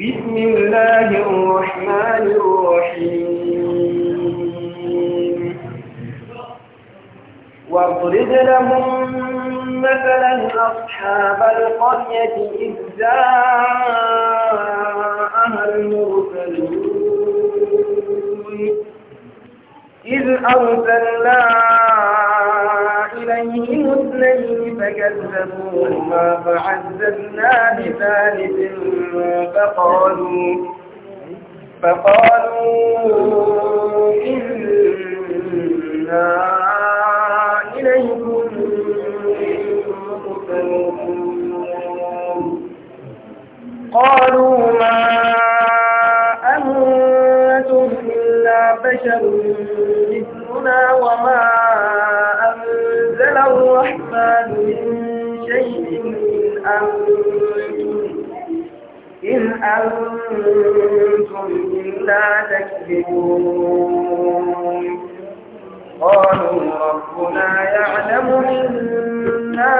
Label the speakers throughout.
Speaker 1: بسم الله الرحمن الرحيم واضرب لهم مثلا أصحاب القرية إذ جاءها المرسلون إذ أرسلنا اثنين فكذبوهما فعززنا بثالث فقالوا فقالوا إنا إليكم مرسلون قالوا ما أنتم إلا بشر مثلنا وما من شيء إن أنتم إن أنتم إلا تكذبون
Speaker 2: قالوا ربنا يعلم
Speaker 1: إنا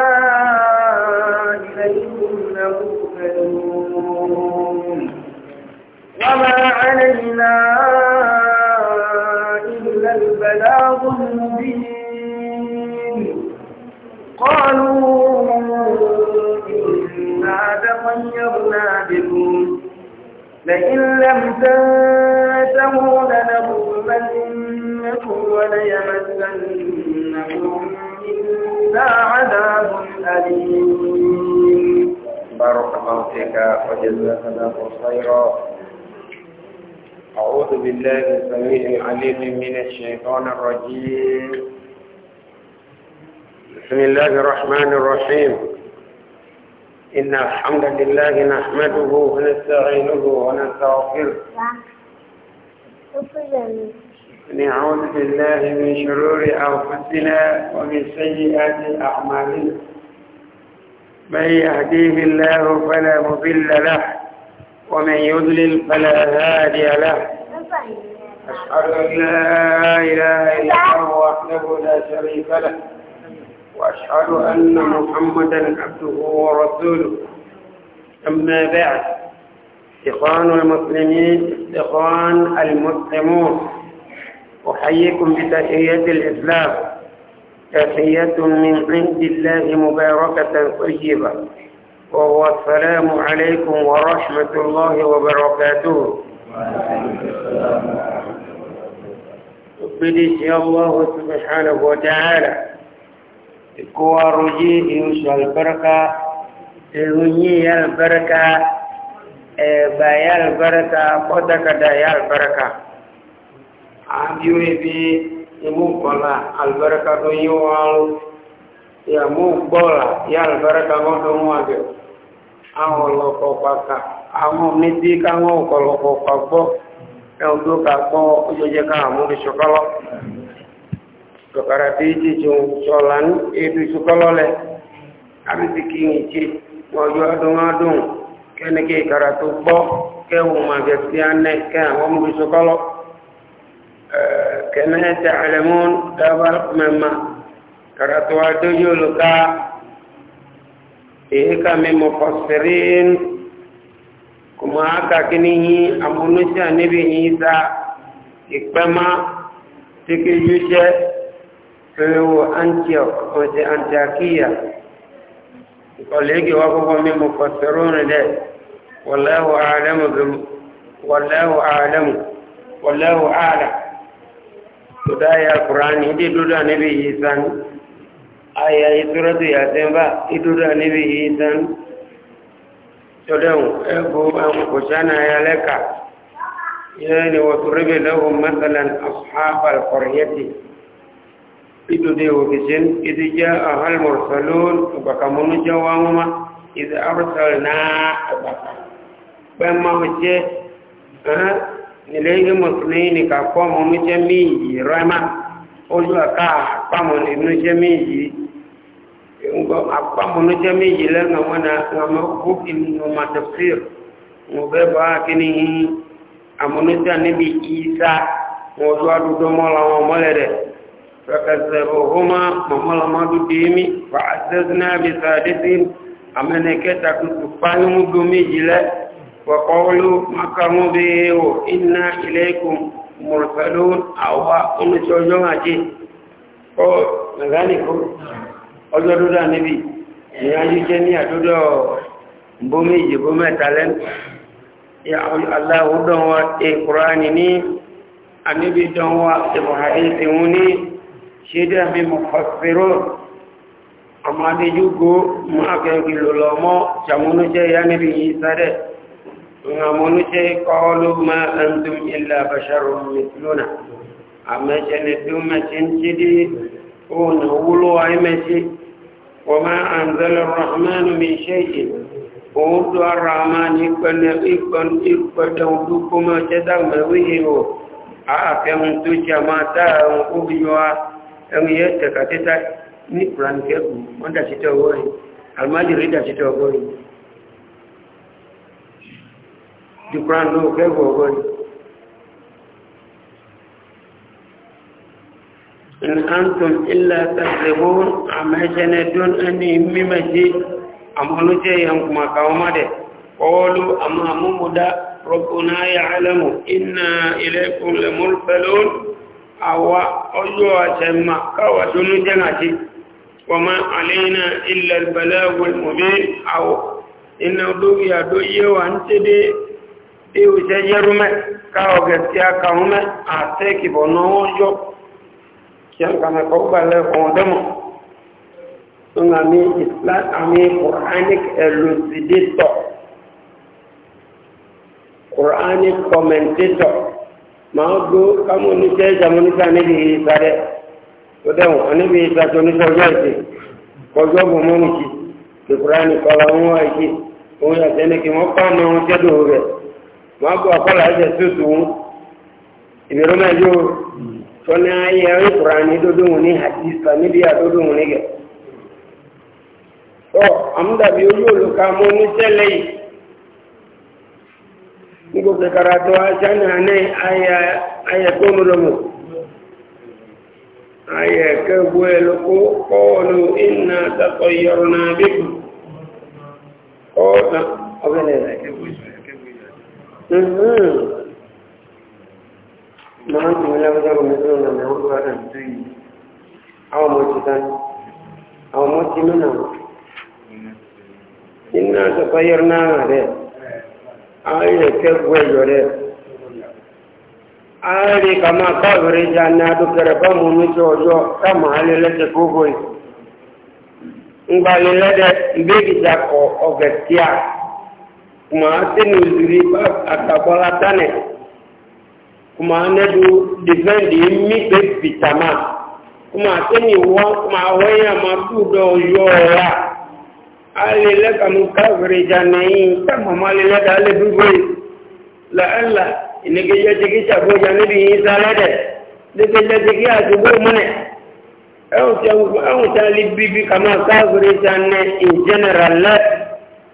Speaker 1: إليكم لمرسلون وما علينا إلا البلاغ المبين قالوا إنا تخيرنا بكم لئن لم تنتهوا لنظلمنكم وليمسنكم منا عذاب أليم بارك الله فيك وجزاك الله خيرا أعوذ بالله السميع العليم من الشيطان الرجيم بسم الله الرحمن الرحيم إن الحمد لله نحمده ونستعينه ونستغفره نعوذ بالله من شرور أنفسنا ومن سيئات أعمالنا من يهديه الله فلا مضل له ومن يضلل فلا هادي له
Speaker 2: أشهد أن لا إله إلا الله
Speaker 1: وحده لا شريك له وأشهد أن محمدا عبده ورسوله أما بعد إخوان المسلمين إخوان المسلمون أحييكم بتحية الإسلام تحية من عند الله مباركة طيبة وهو السلام عليكم ورحمة الله وبركاته بدي الله سبحانه وتعالى kowa roje in su albarka ilunyi ya albarka ba ya albarka kwatakada ya albarka a biyu ebe imu kola albarka don yi waru ya mu gbola paka, albarka gọdun wage àwọn ọlọ́pọ̀ pàkà àwọn méjì káwọn ọ̀pọ̀lọpọ̀ pàgbọ́ ẹ̀ọ́dọ́ kàpọ̀ ojújẹ́ káàmú ìṣọ́kọ́lọ́ sọ̀kàrà tí ìjì jùn sọ̀lá ní ebi ṣùkọ́lọ́lẹ̀ àbísìkì ìjì ọjọ́ adúnádùn kẹ́nìkẹ́ ìkàrà tó gbọ́ kẹwù màgẹ̀sí anẹ́ kẹ́ àwọn ọmọ ìṣùkọ́lọ́ kẹ́nẹ́ tẹ àlẹ́mún dábà mẹ́ma kàrà tó adójú olùká èyí ká mímọ fọ́sẹ̀rín kùmọ̀ ákàkíní yín àmúnúṣà níbi yín sá ìpẹ́má tí kí yú jẹ́ fẹ́wọ́ antioch kọjá antakiya ìkọ̀lẹ́gì wá kọ́kọ́ mímọ̀ pàtàrò rẹ̀ dẹ̀ wọ́láwọ̀ àádẹ́mù bímú wọ́láwọ̀ àádẹ́mù wọ́láwọ̀ àádà tó dáyà kùránì ìdí dúdà níbi yìí sánú àyà ìtúrọ́tù yàtẹ́mbà ìdúdà níbi yìí sánú tọ́dẹ̀wò ẹgbọ́ àwọn kòṣánà ayalẹ́ka yẹ́ni wọ́n tó rẹ́bẹ̀ lọ́wọ́ mẹ́tàlán àṣùhábà ido de ofisin idi ja a halmar salon baka munu jawa ma idi arsal na baka bayan ma mace nilayi musulmi ni ka kọ munu jẹ miyi rama ojú aka apamọ nínú jẹ miyi ngọ apamọ nínú jẹ miyi lẹnu ọmọ na ọmọ kókì nínú isa mo ojú adúgbò mọ làwọn فكذبوهما مملا مادو ديمي فعززنا بسادسين أمنكتا كتفاهم دومي جلا وقولوا مكرموا به إنا إليكم مرسلون أو أم سوجون أجي أو ذلك أجل النبي ni a yi jẹ ní àdúdọ̀ bómi ìjìbó mẹ́ta lẹ́nu aláwọ̀ dánwà ẹ̀kùránì ní àníbí dánwà ìbòhàdé ti wú ní ṣédé mi mọ̀ fẹ́rọ ọmọ adéjúgbó mú akẹ́kì lòlọ mọ́ ṣàmúnúṣẹ́ ya níbi yìí sáré ìhàmúnúṣẹ́ kọlu ma ẹndùn ilẹ̀ àbàṣàrò mìtìlónà àmẹ́ṣẹ́lẹ̀ tó mẹ́ṣẹ́ ń ṣédé òun wúlò àìmẹ́ṣẹ́ wọ́n máa àǹzẹ́lẹ̀ rahmanu mi ṣe yìí òun tó ara máa ní pẹ̀lẹ̀ ìpẹ̀lẹ̀ òdúkú mọ́ ṣẹ́dá mẹ́wéyìí o àfẹ́hun tó ẹ̀mí yẹ tẹ̀ka tẹ́ta ní kùránì kẹ́kù wọ́n dàṣítẹ́ ọwọ́ rẹ̀ almajiri dàṣítẹ́ ọwọ́ rẹ̀ di kùránì náà kẹ́kù ọwọ́ rẹ̀ in antum illa tasribun amẹ́ṣẹ́nẹ dún ẹni mímẹ́ṣẹ́ àmọ́lújẹ́ yẹn kùmà káwọn mọ́dẹ̀ kọlu àmọ́ àmúmúdá rọ̀kùnà yà inna ilẹ̀kùn lẹ́mọ́lùfẹ́lọ́nù àwa ọjọ́ àṣẹmà káwà tó ní jẹ́ àti wọ́mọ́ àlẹ́yìnà ilẹ̀ ìbẹ̀lẹ́gùn mọ̀bí àwọ̀ iná lórí àdó yíwa ń tẹ́ dé ìwòṣẹ́ yẹ́rúmẹ́ káwọ̀gẹ̀ tí a kàrúnmẹ́ àtẹ́kìbọ̀ náà yọ kí a kàmẹ́kọ̀ gbàlẹ̀ ọ̀dọ́mọ̀ ń màá gbó kámú oníṣẹ́ ìṣàmúníṣà níbi ìta rẹ̀ tó dẹ̀wọ̀n níbi ìta tó oníṣẹ́ ọjọ́ ìṣe kọjú ọ̀bùn mọ́mù sí kìkúrá nìkọlá ń wá ìṣe òun yàtẹ̀ ní kí wọ́n pa ọmọ wọn jẹ́dọ̀ rẹ̀ akọ́là ẹ̀jẹ̀ wọn ayé ní dodo wọn ní níbi wọn nígẹ̀. àmúdàbí òlùkà mọ́ oníṣẹ́ lẹ́yìn niko karatu achana naye aya aya komolomo aya kebwelo ko qalu oh, inna tatayyarna bikum qala ogene mhm maana tunaweza kumezona na huko hata mtui au mchitani au mchimena inna tatayyarna bikum ayé kẹ́kọ̀ọ́ ẹ̀yọ̀ rẹ̀ ayé kàmá káàbìrì jà ní adókẹrẹ bá mú mi tí ọjọ́ káàmà alẹ́ gbogbo yìí ńgbàlẹ́ lẹ́dẹ̀ ìgbéjìjà kọ ọ̀gẹ̀ tíà kùmà sínú ìrírí àtàbọ̀lá tánẹ̀ kùmà nẹ́dù dìfẹ́ǹdì mí pé kùmà kùmà alele kanu kafiri janayi ta mama lele da ale bibiri la ala inike jajigi sabo janibi isa lede dike jajigi asubu mune ẹwùn tí a lè bíbí kama kafiri janayi in general lẹ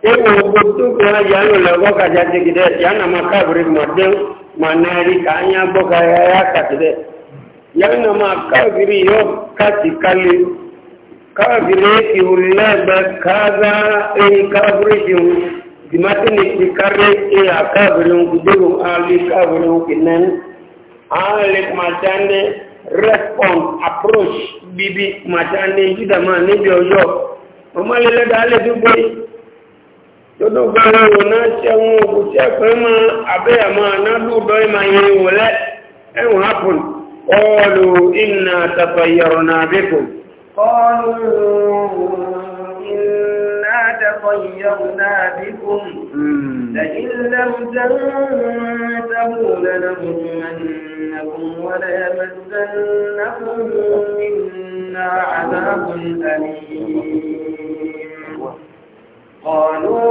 Speaker 1: ewu gbogbo kò hàn yanu lẹwọ ka jajigi dẹ yana ma kafiri ma den ma nari ka anya gbọ ka ya ya kati dẹ yana ma kafiri yọ kati kabireti ulaba kaza eni kabirin dimatini ki kare e a kabirin gudurun ali kabirin kinan ali matande respond approach bibi matande jida ma ni jojo lele da ale todo wo na sẹwọn òkùtẹ pẹ ma abẹ ma ma e na abẹkùn قالوا إنا تطيرنا بكم لئن لم تنتهوا لنرجمنكم وليمسنكم منا عذاب أليم قالوا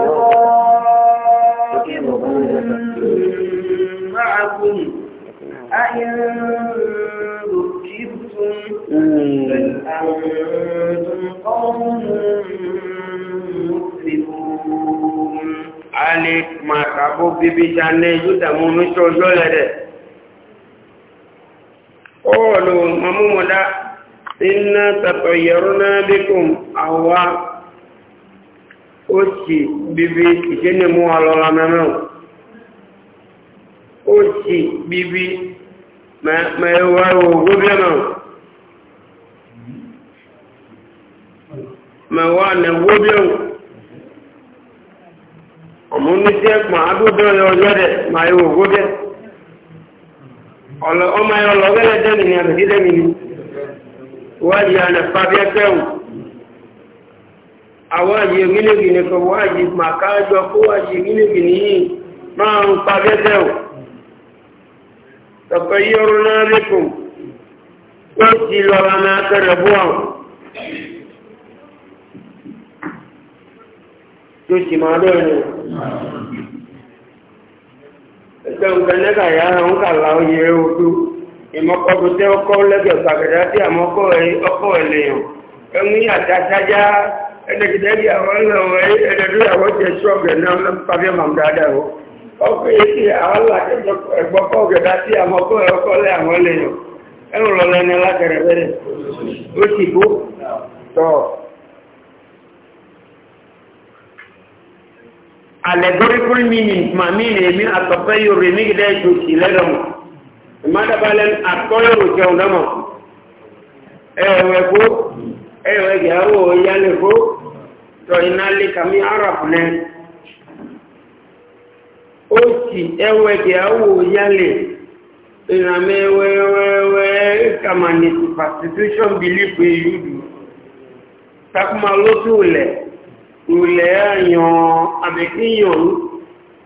Speaker 1: رائبهم معكم أئن àbó bíbí ìdáné yúdàmú mítọ́ ọjọ́ lẹ́dẹ̀ ọ̀ọ̀lù mamúmọ̀dá iná tàtọ̀ yẹ̀rọ náà bíkùn àwọ́ ó sì bíbí ìjẹ́nìmú alọ́la mẹ́mẹ́ ó sì bíbí mẹ́wàá ògùn bí ẹ̀mẹ́ mẹ́wàá nẹ̀wó bí ẹ̀wọ̀ ọmọ oníṣẹ́ ẹ̀pọ̀n agbóbẹ̀rẹ̀ ọlọ́dẹ̀ máa yóò gódẹ̀ ọmọ ẹ̀ ọlọ́gẹ́lẹ̀ dẹ́mi ni àbẹ̀dí dẹ́mi ni wáyé ànàfà bí ẹgbẹ̀rún àwáyé gílègì ni kọ wáyé màkájọ kó wáyé gílègì ni yìí máa ń pa bí ẹgbẹ̀rún tọ̀pẹ̀ yọrọ náà lẹ́kùn ó ti lọ́ra náà kẹrẹ̀ bú àwọn tó sì máa lóyún ẹgbẹ́ nǹkan nígbà yà ń kàlà oyè odó ìmọ̀kọ́dún tẹ́ ọkọ́ lẹ́gbẹ̀ẹ́ gbàgẹ̀dá tí àmọ́kọ́ ọkọ́ ẹ̀lẹ́yàn ẹ̀mú yàtá sájá ẹ̀dẹ̀gẹ̀dẹ̀ bí àwọn ẹ̀lẹ́wọ̀n ẹ̀dẹ̀dúyàwó jẹ́ ṣọ́ọ̀gẹ̀ náà pàbí dáadáa ọkọ̀ èsì àwọn làkẹ́jọ gẹ̀dá tí àmọ́kọ́ ọkọ́ lẹ́ àwọn ẹ̀lẹ́yàn ẹ̀rùn lọ́lẹ́ni alákẹ̀rẹ̀ bẹ́rẹ̀ ó bó allegorical meaning ma mine mi akapayo remi de to silegamo mada balen akoyo jeunamo ewe ko ewe garo yale ko to inali kami arab ne o ti ewe garo yale iname wewewe kama ni constitution belief yudu takuma lotu le ìwìlẹ̀ ẹ̀yàn àbẹ̀kíyàn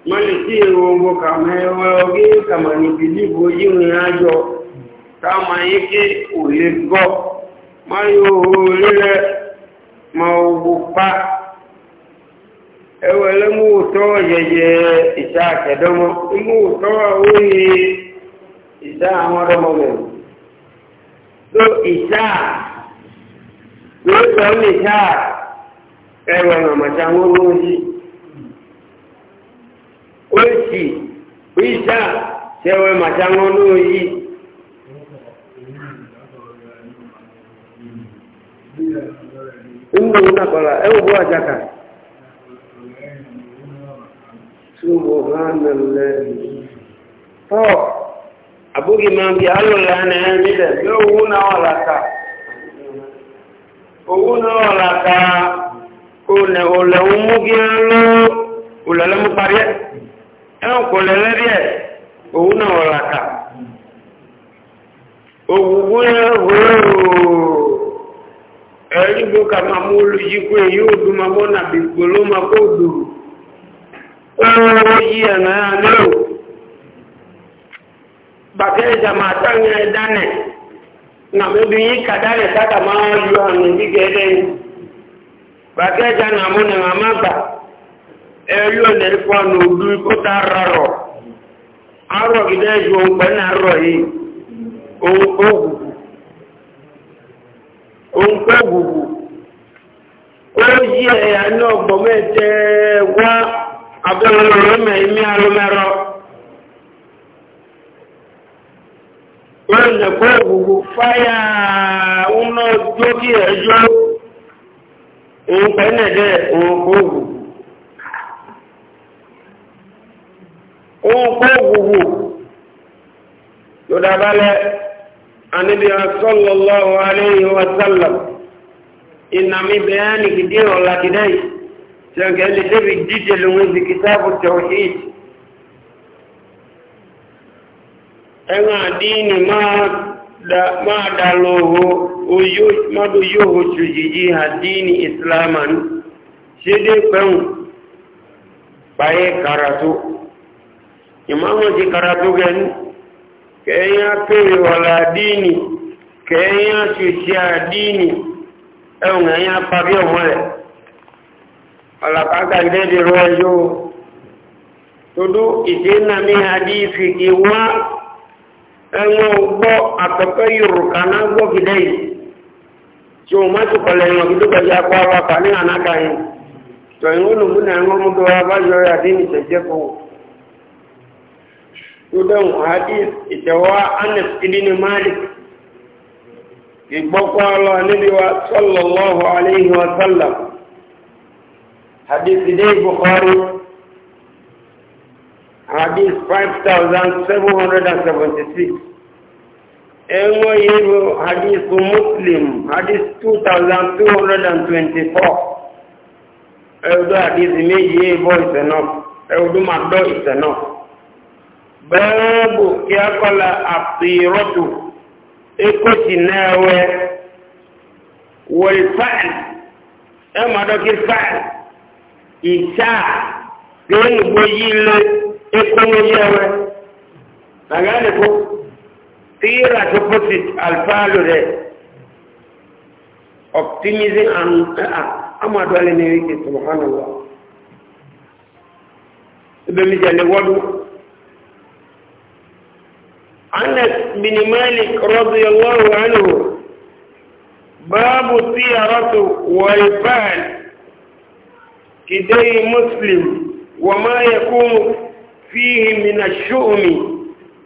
Speaker 1: mọ́lẹ̀ tí èrò ogun kàmẹ́wẹ́ ọgé kàmàní bìlìbò yíwìn ájọ káàmà yí kí ò lè gọ́ máa yóò rírẹ̀ ma ogun pa ẹwẹ́ lẹ́múwòtọ́ yẹyẹ ìṣà àkẹ́dọ́mọ́ ìmúwòtọ́ orí ìṣà àwọn ọdọ́mọ́gbẹ̀ tó ìṣà lóòtọ́ ní ìṣà ẹwẹ̀ màmàtà wọ́wọ́ yìí ó sì ìṣà ṣẹwẹ̀ màtà wọ́wọ́ yìí Ìgbò nàkọ̀lá ẹwọ̀ bó àjákà. Ṣúgbò hánà lẹ́yìn. Tọ́, àbúgbì máa bí alùlá ní ẹ̀mílẹ̀ yóò wú náà làkà. Owú náà làkà one ole umu gi lo ole le mu pare e ko le le rie o una ola ka o wu o wo eri bo ka ma mu lu yi ko e o du ma mo na bi gbolo ma ko du o yi na na lo bàtẹ́ ìjàmà àtàrin ẹ̀dánẹ̀ nà mẹ́bí yí kàdárẹ̀ sáta máa yọ àmì gígẹ́ ẹ̀dẹ́yìn bàkẹ́jà nà mú nà má gbà ẹ̀rí ọ̀nà ìfọ́ nà òdu kó tá rọrọ̀ arọ̀ gidẹ́ ju ohun pẹ́ nà rọ̀ yìí ohun kó gbùgbù ohun kó gbùgbù ó yí ẹ̀yà náà gbọ̀mẹ́tẹ́ wá abẹ́rẹ́ rẹ̀ mẹ́ẹ̀mí alómẹ́rọ. Wọ́n lè kó gbùgbù fáyà ń lọ jókè ẹjọ́. òǹkọ ẹ̀ nẹ̀dẹ̀ aléyìn wa sálọ̀ ìnàmì bẹ́ẹ̀ ni kìdí ọ̀la kìdá yìí ṣẹ̀ǹkẹ́ lè débi díje lóhun ibi kìtàbù tẹ̀wọ̀hìd ẹ̀wọ̀n àdínì máa dà lóhùn. oyóòmọ́dó yóò hojú yìí àdínì islaman ṣe dé pẹ̀hùn báyé karatu ìmáàmù ti karatu gẹnu kẹ́yìn apèrè wọ̀lá àdínì kẹ́yìn aṣòṣì àdínì ẹ̀hùn ẹ̀yìn apàbí ọmọlẹ̀ ọ̀làpàgà ìdẹ́dẹ̀ rọ ẹjọ́ todo ìdénàmí àdífi ìwá ẹ̀wọ̀n gbọ́ àtọ̀kọ́ yorùkà náà gbọ́ fìdẹ́yìí tí o má tukọ̀ lẹ́yìn ọ̀gbìn tó kẹjá kó wa fà ní ànáka yẹn tọ̀yìn ó lùmú náà wọ́n mú kí wọ́n bá yọ ẹ̀ àdín ìṣẹ̀jẹ̀ kó o. tó dẹ̀wọ̀n àdí ìṣẹ̀wọ́ anas ibini malik hadith ilé enweghị ịrụ hadith muslim hadith 2,224 ewudo hadith mezie boit nọ ewudu ma boit nọ bụ ebe ọ bụ keakọla apịrọtụ ekwesị na-enwe ịnwetaịl ịmadọta taịl ịcha ka enweghị ile iku na-eyi enwe na ga-enye fụ. tira opposite alfaalu rẹ optimism and amadu ah, alẹ ní wíkì subhanallah ibi mi jẹlẹ wọdú anas bin malik radiyallahu anhu baabu siyaratu walfaal kidai muslim وما يكون فيه من الشؤم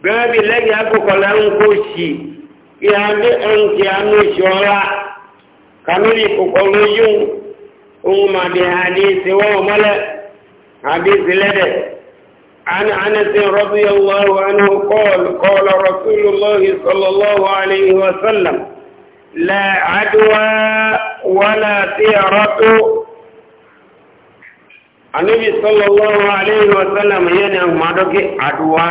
Speaker 1: gbẹ́bí lẹ́yìn akókò lẹ́hún kó sì kí a ní ẹnkì àánú ìṣọ́ra kàmílì kòkò lójú ohun màdì àdìsí wọ́n mọ́lẹ̀ àdìsí lẹ́dẹ̀ عن أنس رضي الله عنه قال قال رسول الله صلى الله عليه وسلم لا عدوى ولا سيرة النبي صلى الله عليه وسلم ينهى مدك عدوى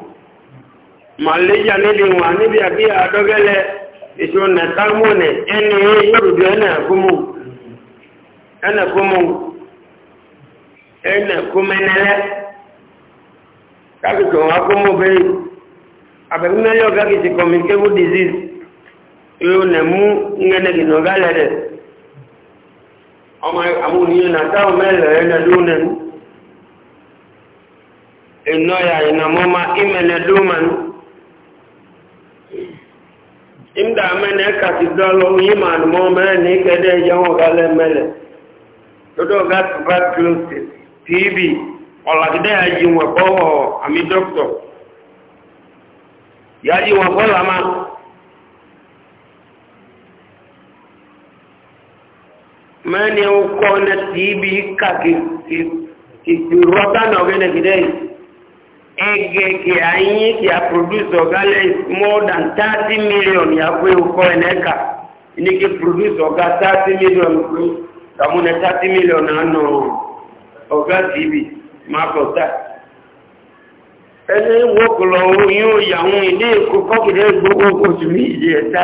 Speaker 1: màlẹ́jà níbi wà níbi àbí àdọ́gẹ́lẹ̀ ìṣòna támọ́nẹ̀ ẹni yóòrùdó ẹnẹ̀kúnmù ẹnẹ̀kúnmẹ́nẹ́lẹ́ káàkiri wọn kúnmù bẹ́ẹ̀ àbẹ̀kúnmẹ́lẹ́ ọ̀gáàkiri communicable disease yóò nẹ̀ mú ńgẹ́nẹ̀gìnà ọ̀gálẹ̀ rẹ̀ ọmọ àmúniyàn àtàwọn mẹ́lẹ̀ ẹnẹ̀dúnẹ̀ ìnáyà ìnàmọ́má ìmẹ̀lẹ̀dúnmọ̀ imda mene kati dɔlɔ yiman mɔ mɛni kɛdɛ yɛn o ka lɛ mɛlɛ dodo ka tuberculosis tb ɔlakidɛ yaji wɔ kɔwɔ ami dɔktɔ yaji wɔ kɔ lama mɛni o kɔ ne tb kaki ki ki rɔba nɔgɛ ne kidɛ yi. egeke anyị kia produce ọga more than 30 million ya kwe ụkọ eneka nike produce ọga 30 million kwe kamune 30 million anọ ọga tv makọta ẹni wọ́pọ̀lọ̀ ohun yóò yàwọn ilé èkó kọ́kìdẹ́ gbogbo oṣù méjì ẹ̀ta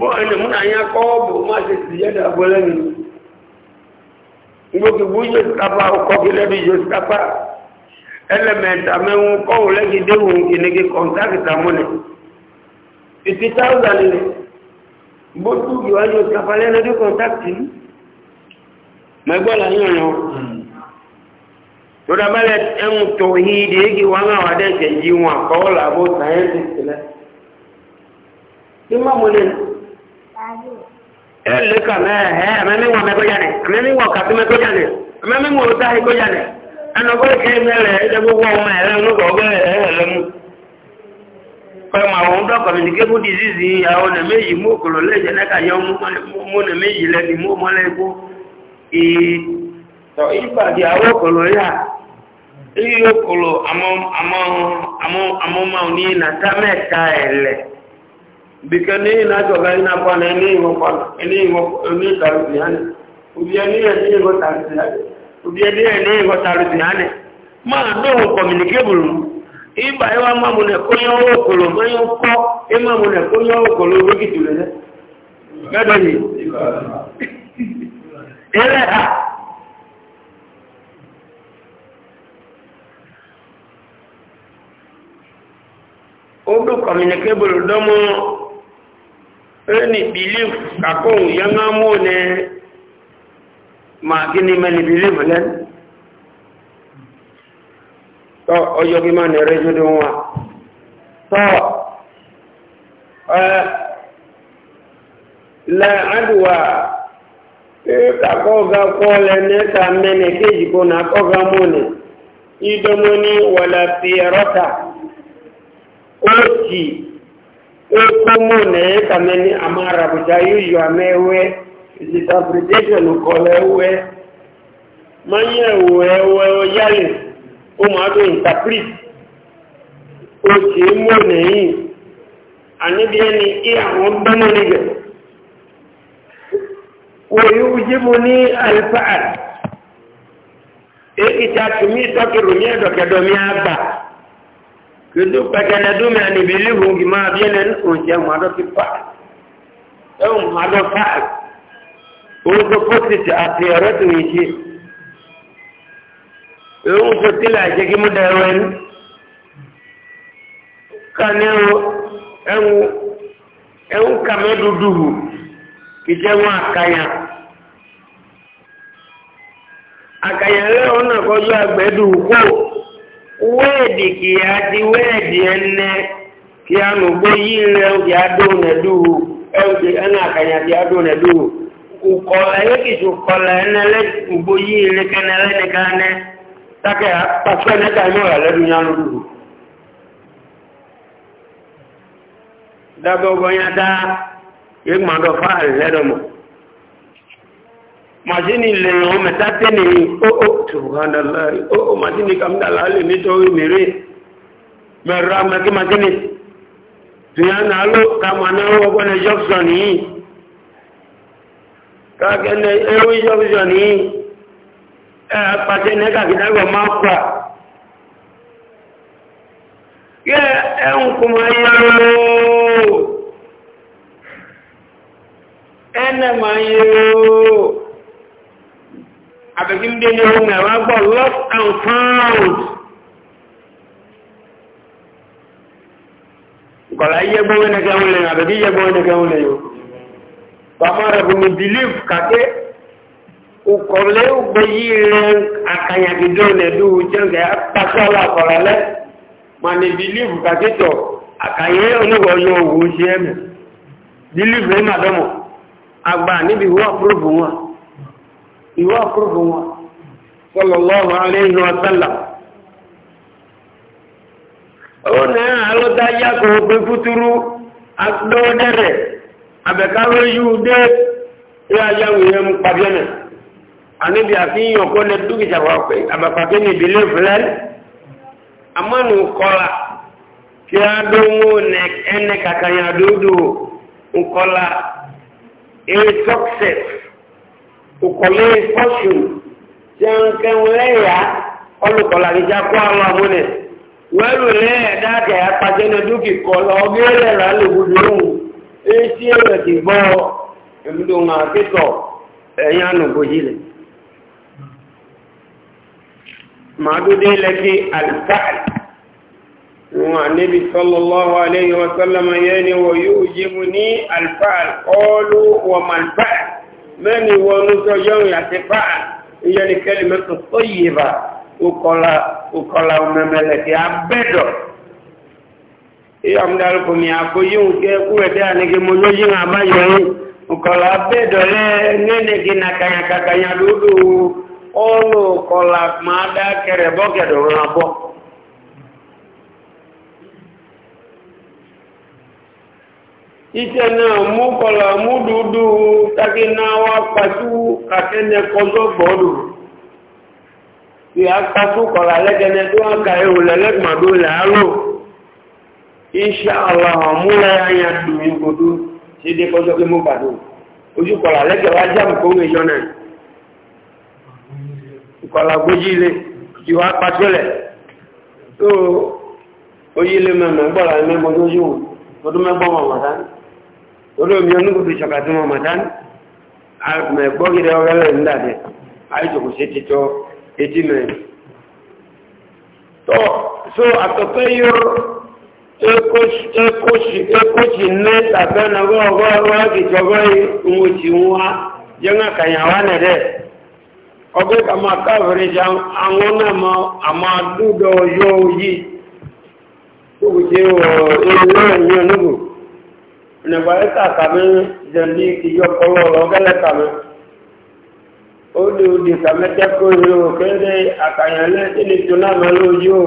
Speaker 1: bọ́ọ̀lù mú náà yá kọ́ ọ̀bù máa ṣe sì yẹ́dà agbọ́lẹ́nu gbogbo ìwú yóò sápá ọkọ̀ gílẹ́bí yóò sápá ẹlẹ́mẹ̀ntà mẹ́wọ́n kọ́wọ́ lẹ́gì déhùn kìnnìkì kọ̀ǹtàkìtà múnẹ̀ fifty thousand ni bótú ìwá yóò sápá lẹ́nu dé kọ̀ǹtàkìtì ẹlẹ́kà mẹ́ẹ̀ẹ́ ẹ̀mẹ́míwọ̀ mẹ́kọ́jáde ẹ̀mẹ́míwọ̀ kàtí mẹ́kọ́jáde ẹ̀mẹ́míwọ̀ táyé kọ́jáde ẹnubọ́ ìkẹ́ mẹ́rẹ̀ ẹ̀dẹ́gbogbo ọmọ ẹ̀rẹ́ onúgbà ọgbẹ́ ẹ̀ẹ́lẹ́mú pẹ̀lú àwọn ọdọ́ kọ̀mìnìkébù dìzízi àwọn ẹ̀mẹ́yì mú òkòrò lẹ́jẹ̀ lẹ́kàyọ́ mú ẹ̀mẹ́yì lẹ́ni mú mọ́lẹ́gbó ìpàdé àwọn òkòrò yà ìyókòrò àmọ́ àmọ́ àmọ́ àmọ́ bi ka ne na jo ga ina pa ne ni mo pa ni mo ni ta ru ti hane u bi ani e ni go ta ru ti hane u bi ani e ni go ta ru ti hane ma do communicable i ba e wa ma mu ne ko yo wo ko lo ma yo ko e ma mu ne ko yo wo ko lo bi ki ti le ne ga do ni ere ha Odo communicable domo ẹni belief kakóhùn yẹn máa mú ní máa kí ni mẹ́ni belief lẹ́nu tọ́ ọjọ́ kí máa nẹ̀rẹ́ jù dùn wá tọ́ ẹ lẹ́àdùwà kakọ́gá kọ́ lẹ́nẹ́ta mẹ́ni kéjì kó nà kọ́gá mú ní ìdọ́mọ́ ní wàlàfíẹ̀rọ́ta ó jì ekomo na ye kameni ama arabuja yuyu ame ewe interpretation kọla ewe manye ewe ewe oyale ụmụadụ interpret otu imo na eyi anịbịa ni ihe ahụ mgbanwe n'ige wòye ujibu ní alfa'al èyí e tí a tún mí tọ́kì rò ní ẹ̀dọ̀kẹ̀dọ̀ mi á bà kìlú pẹ̀kẹ́nẹ́ dúnmí ẹni ìbílí ìhùn kì máa bí ẹni oúnjẹ mọ́dọ́ ti fà ẹ̀hùn mọ́dọ́ fà orúkọ pọ́sìtì àti ọ̀rẹ́ tó yìí ṣe èhùn tó tílà ṣe kí mú dẹ̀rọ ẹni kàní dúdú hù kì wọn àkàyà àkàyà ọ̀nà kọjú àgbẹ̀dù kú. wẹ́ẹ̀dì kì á ti wẹ́ẹ̀dì ẹnẹ́ kí a nù gbé yí rẹ̀ òdì adóònẹ̀dúhù ẹ̀òdì ẹ̀nà àkànyà ti adóònẹ̀dúhù ukọ̀lẹ̀ yẹ́kìsù kọ̀lẹ̀ ẹnẹ́lẹ́ gbó yí rẹ̀ kẹ́nẹ́lẹ́ nìkanẹ́ tákẹ́ pàṣẹ nẹ́ta mọ́ra lẹ́dùn yánu dùhù dábọ̀ bọ́nyá dá yẹ́ gbọ́dọ̀ fáàlì lẹ́dọ̀mọ̀ màṣíìnì lè ràn mẹ́ta tẹ́lẹ̀ ní ó ó tùrùkàndàlá ó ó màṣíìnì kàmdàlá lè nítorí mèrè mẹ́ra mẹ́kí màṣíìnì tìyànà ló kàmàná ọgbọ́n jọ́sọ̀ nìyí kàkẹ́lẹ̀ ẹwọ́ jọ́sọ̀ nìyí ẹ̀ pàṣẹ ní kàkìdágọ̀ máa kọ́ yẹ ẹ̀hùn kùmọ̀ yẹ́rọ ẹ̀nẹ̀ máa yẹ́rọ àbẹ̀kíndé ni ohun ẹ̀wà gbọ́ lost and found kọ̀lá yẹ gbọ́ wẹ́nẹ̀kẹ́ ń lẹ́yìn àbẹ̀kí yẹ gbọ́ wẹ́nẹ̀kẹ́ ń lẹ́yìn pàmọ́ rẹ̀ fún mi believe kàké ukọ̀lẹ́ ògbé yìí rẹ̀ àkànyàkìdó nẹ̀dú jẹ́ǹkẹ́ pàṣọ́lá kọ̀lá lẹ́ mà ní believe kàké tọ̀ àkànyẹ oníwọ̀ yọ òwò ṣe ẹ̀mù believe rẹ̀ màdọ́mọ̀ àgbà níbi wọ́n approve wọn ìwọ àkúrò wọn sallallahu alayhi wa sallam
Speaker 2: ó ní àlọ́dá yàtọ̀ pé
Speaker 1: fúturú agbẹ́wọ́dẹ́rẹ̀ àbẹ̀káwé yóò dé ìwà yàwó yẹn mú pàdánù àníbi àfihàn kọ́ lẹ dúkìtà àbàpàkẹ́ níbi lè fúlẹ́ amánu kọ́la kí a dóńgó ẹnẹ kàkànyà dúdú nkọ́la a success. ukɔlɛ kɔsu tiɛnkɛ wlɛ ya ɔlukɔla bi dza kó alɔ mu nɛ wɛlu lɛ ɛdá kɛ akpadzɛ nɛ du kikɔ lɛ ɔbi lɛ ti bɔ ɛmudu ŋa kitɔ ɛnya nu godzi wa mu mẹ́ni wọnú tọ́jọ́ ìyàtí pàà ìyẹni kẹ́lì mẹ́tò tó yìíbà òkọlà òmẹ́mẹ́lẹ̀ tí a bẹ́dọ̀ ìyọ̀mdàlùkù ni àkó yíò kẹ́ kú ẹ̀dẹ́ àníkí mo ló yíò àbáyọ̀ yìí òkọlà bẹ́dọ̀ lẹ́ẹ̀ẹ́nẹ́gì na kanyakakanya lódò ọlọ́ iṣẹ́ náà mú kọlọ̀ mú dúdú tàbí náà wá pàtú kàtẹ́nẹ kọjọ́ gbọ́dù tí a pàtú kọlọ̀ lẹ́gẹ̀ẹ́nẹ tó wá ka ẹ̀hù lẹ́lẹ́gbàdó làálò iṣẹ́ aláhàn múlẹ̀ ayà tùmí kòdú ṣe dé kọjọ́ pé mú pàtó ojú kọlọ̀ lẹ́gẹ̀ẹ́ wá jáàmù kó ń yọ náà kọlọ̀ gbójí ilé tí wá pàtó lẹ̀ tó oyílé mẹ́mẹ́ gbọ́dọ̀ mẹ́mọ́ tó yíwò ọdún mẹ́gbọ́n mọ̀ mọ̀ sáà olóòmí onígbò fi ṣọ̀kà tí wọ́n mọ̀ dání àmọ̀ ẹ̀gbọ́ gidi ọ̀rẹ́lẹ̀ ti tọ́ etí so àtọ̀pẹ́ yóò ní tàbẹ́nà gọ́ọ̀gọ́ọ̀rọ̀ nẹ̀gbà ẹ́ta kàmí jẹ̀mí ìyọ kọlọ̀ ọ̀gẹ́lẹ̀ kàmí ó lè òdì kàmí tẹ́kọ̀ọ́ yóò kéde àkàyànlẹ́ ilé tó náà mẹ́ lójú ò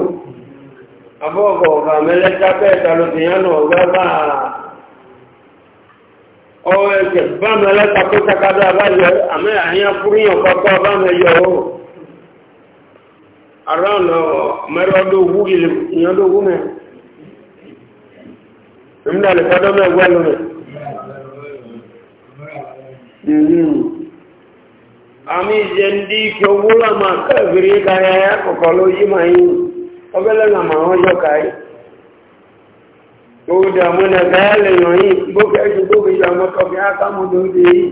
Speaker 1: abọ́ọ̀gọ̀ ọ̀gá mẹ́lẹ́ jápẹ́ ìtàlùfìyàn ọ̀gá bá ọ̀ẹ̀kẹ̀ bá mẹ́lẹ́ takó takadá abájọ àmẹ́ àyíyá fúríyàn kọ́kọ́ bá nígbà nìkan tó bẹ̀ gbọ́ lórí. Àmì ìṣẹ̀ndí ìṣòwúlà máa kẹ́ẹ̀fìrí káyà ayákọ̀ọ́kọ́ ló yí máa yí. Ọbẹ̀lẹ̀ nà máa wọ́n jọ káyì. Ó dàmú nà káyà lè yàn yìí, gbókè ṣe gbókè ṣe àwọn kọfí ákámọ́dé ó dé yìí.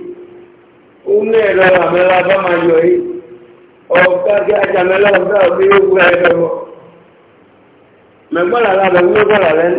Speaker 1: Ó ní ẹ̀rọ àmẹ́lá bá máa yọ yìí. Ọ̀gá kí ajàmẹ́lá ọ̀gá ọ̀gbẹ́ yóò gbé ẹ̀rọ. Mẹ̀gbọ́n làlá bẹ̀ ń gbé gbọ́n làlẹ́ ni.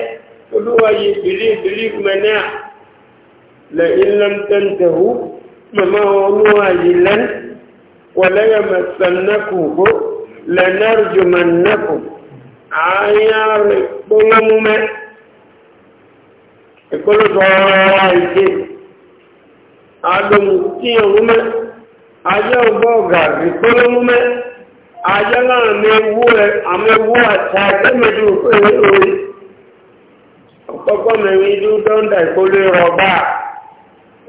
Speaker 1: uluwa yi believe believe mana la in lam tantahu mama uluwa yi lan wala yamassannakum la narjumannakum ayar bomume ekolo dora ite adum ti omume ayo boga ekolo mume ayala mewu amewu ata kemedu oyi kọ́kọ́ mẹ́rin ìlú dọ́ndà ìkólé rọ̀bà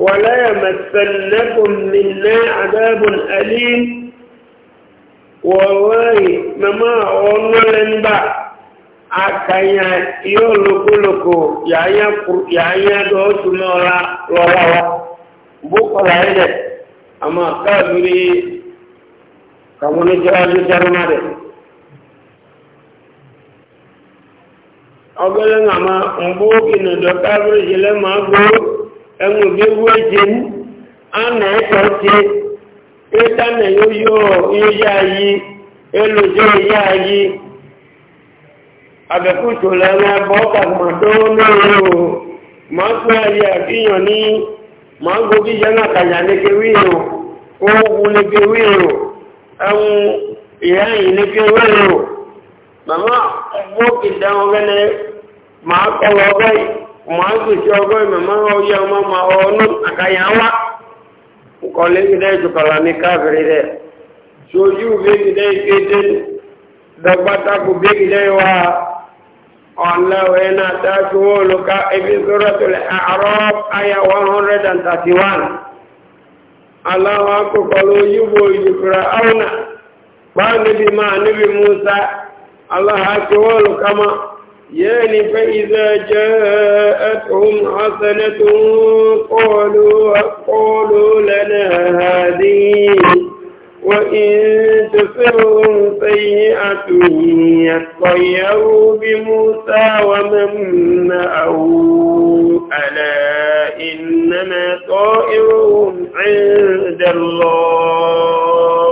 Speaker 1: ولا يمثلنكم منا عذاب أليم wọ̀wọ́rì mẹ́mọ́ ọ̀nà lẹ́mbà àkànyà yóò lókòlókò yàáyá dọ́ọ̀túnmọ́ ọ̀la lọ́wọ́ bókọ̀lá ẹ̀dẹ̀ àmọ́ káàkiri kàmúnijọ́ ọgọ́lẹ́ ńà ma ń bó ìnàdọ̀ káfíríṣì lẹ́mọ̀ agbó ẹ̀mù bí wúwo jẹ́ ní àná ẹ̀tọ́ ti pétánà yóò yọ yíyá yí elòjọ́ yíyá yí abẹ́kùtù lẹ́nu ẹ̀bọ́ kàmọ́tò lóru o máa pẹ́ ayé àfihàn ní máa gbógi jẹ́ náà kàyà màmá mo kì í dẹ́wọ́n gẹ́lẹ́ màá kọ́ lọ ọgọ́ yìí màá kì í sí ọgọ́ yìí màmá ọyẹ ọmọ mà ọ̀nù àkàyà wá nǹkan lẹ́yìn dẹ́ ìjọkọ̀lá ní káàkiri dẹ́ sojú lẹ́yìn dẹ́ ìkéde dọ́gbátákù lẹ́yìn dẹ́ wá ọ̀nà wẹ́nà dájú wọ́n lóka ebi aláwọ̀ ìdìkúra áwùnà níbi máa níbi musa. الله أقول كما يعني فإذا جاءتهم حسنة قالوا قالوا لنا هذه وإن تصرهم سيئة يطيروا بموسى ومن معه ألا إنما طائرهم عند الله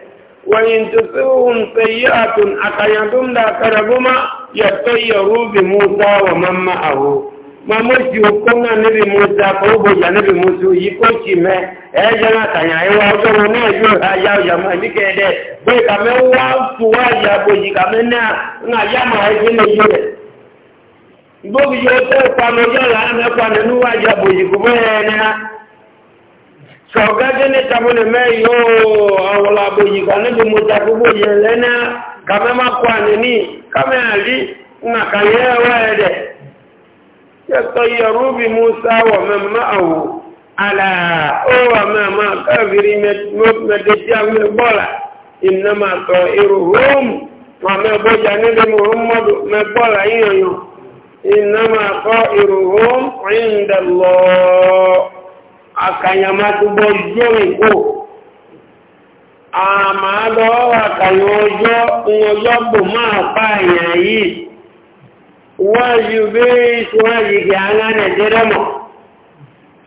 Speaker 1: وإن تصبهم سيئة أكيدون لا كربما يطيروا بموسى ومن معه mama si okó náà níbi musa kó bòjá níbi musu yìí kó tì mẹ ẹ jẹ náà tàyà náà yóò ayá ọjà máa ní kẹdẹ wá tu wá yà náà ń ayá sọ̀gẹ́gẹ́ ní tàbílẹ̀ ọwụla bụ àbòyìká níbi mo tàbígbò yẹ lẹ́nà kàmẹ́ má kọ́ àní ka kàmẹ́ àrí nàkàyẹ́ ẹwà musa wọ̀ mẹ́mọ́ àwò àlà ó wà mẹ́mọ́ káfírí mẹ́tẹ́tí àmì bọ́là iná máa tọ irú rome màmá ẹgbọ́jà níbi muhammadu mẹ́bọ́là yíyan iná lọọ. akanyama tó bọ́ jẹ́ ìkó àmàlọ́ àkànyà ọjọ́ ọjọ́ bò máa pa èèyàn yìí wọ́n yìí bí ìṣúná yìí kì á ńlá nàìjíríà mọ̀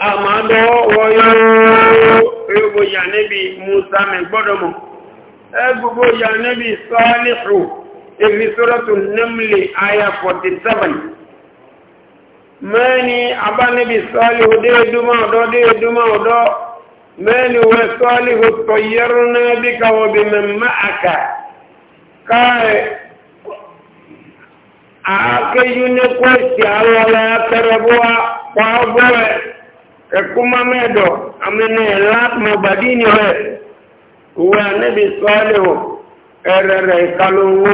Speaker 1: àmàlọ́ ọyọ́ gbogbo ìyà níbi musa mẹ́gbọ́dọ̀ mọ̀ níbi sọ́ọ́lì mẹ́ni abánibì sọ́líhù dé dúmọ́ ọ̀dọ́ dé dúmọ́ ọ̀dọ́ mẹ́ni wẹ́ sọ́líhù tọ̀yẹ́rù náà bí káwọ́ bí mẹ́mẹ́ àkà káàrẹ̀ àákéyú ní kwẹ́sì àwọn akẹrẹbúwa pàábọ́rẹ̀ ẹ̀kúmá mẹ́dọ̀ àmìnà ìlàmọ̀gbàdí ni rẹ̀ wẹ́ àníbì sọ́líhù ẹ̀rẹ̀rẹ̀ ìkàlùwò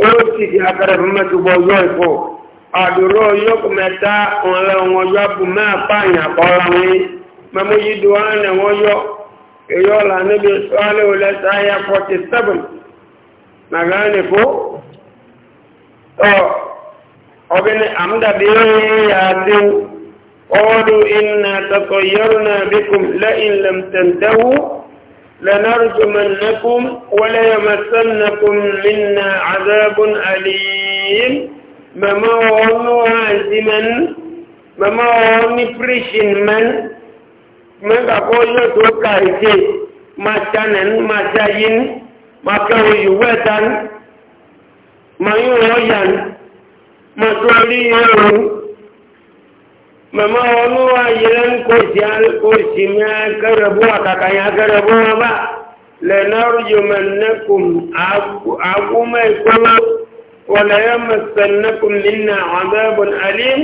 Speaker 1: oti di akara mma tu bo yo ifo aduro yo kumeta onle won yo bu ma pa yan ko la ni ma mo yi do an le won yo la ne bi sale o le saya 47 na gane ko o ogene amda bi ya din قالوا إنا تطيرنا بكم لئن لم تنتهوا لنرجمنكم وليمسنكم منا عذاب أليم مما هو عازما مما هو فريشن من من أقول توكايتي ما كان ما تاين ما كانوا يوتان ما يوهيان ما تولي mama olúwa yẹn kòsì kòsì mi akẹrẹbù àkàkànyà akẹrẹbù wọn bá lẹnàrúyọmọ nẹkùn àgùmọ ìkọlọ wọlẹyọmọ sẹnẹkùn nínà ọdẹbùn alim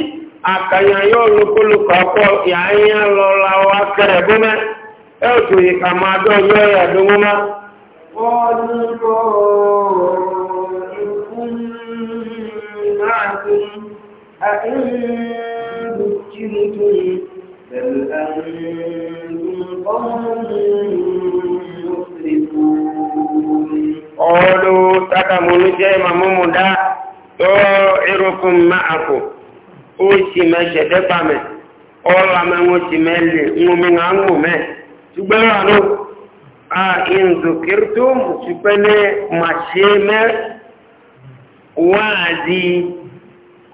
Speaker 1: àkànyà yóò lókòlù kọkọ yàáyà lọlá wa kẹrẹbù mẹ ẹ ò tó ìka máa dọ yọ ẹ dùnmọ mọ. wọ́n ní kò ìkún náà kún àìyí. كذبتم بل
Speaker 2: أنتم قوم مسرفون
Speaker 1: قالوا تكمل جيم ممدا طائركم معكم oṣì mẹ́ṣẹ̀ dẹ́pà mẹ́ ọ̀rọ̀ àmẹ́wọ̀n oṣì mẹ́lẹ̀ ńomi àánú mẹ́ ṣùgbẹ́rọ àánú a ìǹdùkírtùm ṣùgbẹ́ ní màṣẹ́ mẹ́ wáàdìí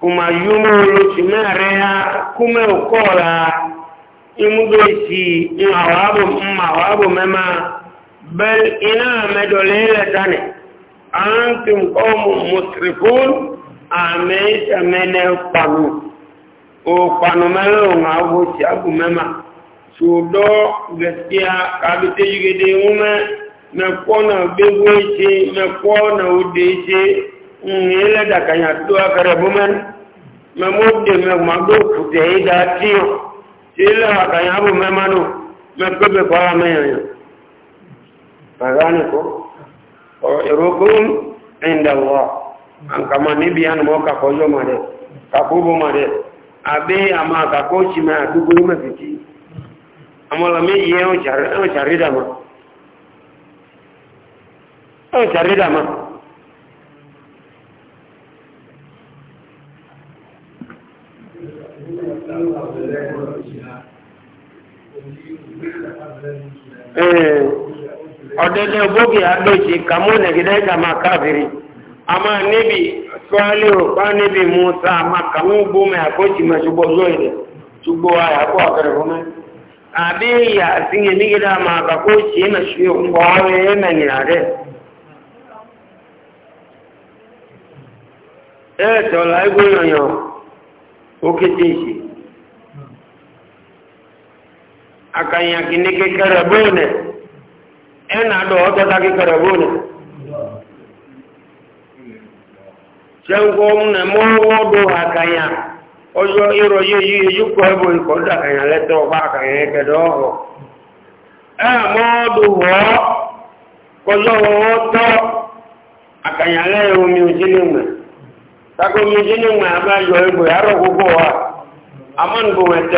Speaker 1: kuma yumu luchimere ya kume ukola imugesi mawabu mawabu mema bel ina medolele tane antum qawmu musrifun ameisha mene panu o panu melo ngawo chagu mema sudo gaskiya kabite yigede ngume na kuona begwe che na kuona udeche ngele dakanya dua karabumen mẹmọ de mẹgbọn gbọ kùtẹ yìí dá tí o tí ilé àkànyà bò mẹmánu mẹgbẹbẹ kọlá mẹyànyà pàgánìkọ ọrọ ìrókòm ẹndàwọ àǹkàmà níbi ànàmọ kàkọjọ mà dẹ kàkóbó mà dẹ àbí àmà kàkó tì mẹ àdúgbò yìí mẹ fìtì àmọlà méjì ẹ ń sàrídàmà ẹ ń sàrídàmà. ee eh, ọdede obogi adochi ka mụ na gide ka ma kafiri ama nebi swali okpa nebi musa maka ngbu me akochi ma chugbo zoide chugbo aya akpọ ọkara fome abi ya sinye nigide ama akochi eme shi ngwa ọrụ eme ni ade ee eh, tọla egwu yọnyọ oke teshi akanya kini kekere bone ena do oto ta kekere bone sẹ́ńkọ́ múnẹ̀ mọ́wọ́dọ̀ àkànyà ọjọ́ ìrọ̀ yìí yìí yíkọ́ ẹbò ìkọ̀dọ̀ àkànyà lẹ́tọ̀ ọba àkànyà ẹgbẹ̀dọ̀ ọ̀họ̀ ẹ̀ mọ́ọ̀dọ̀ wọ́ kọjọ́ ọwọ́ tọ́ àkànyà lẹ́yìn omi òjínìmẹ̀ takomi òjínìmẹ̀ àbáyọ ẹgbẹ̀ arọ̀ gbogbo wa te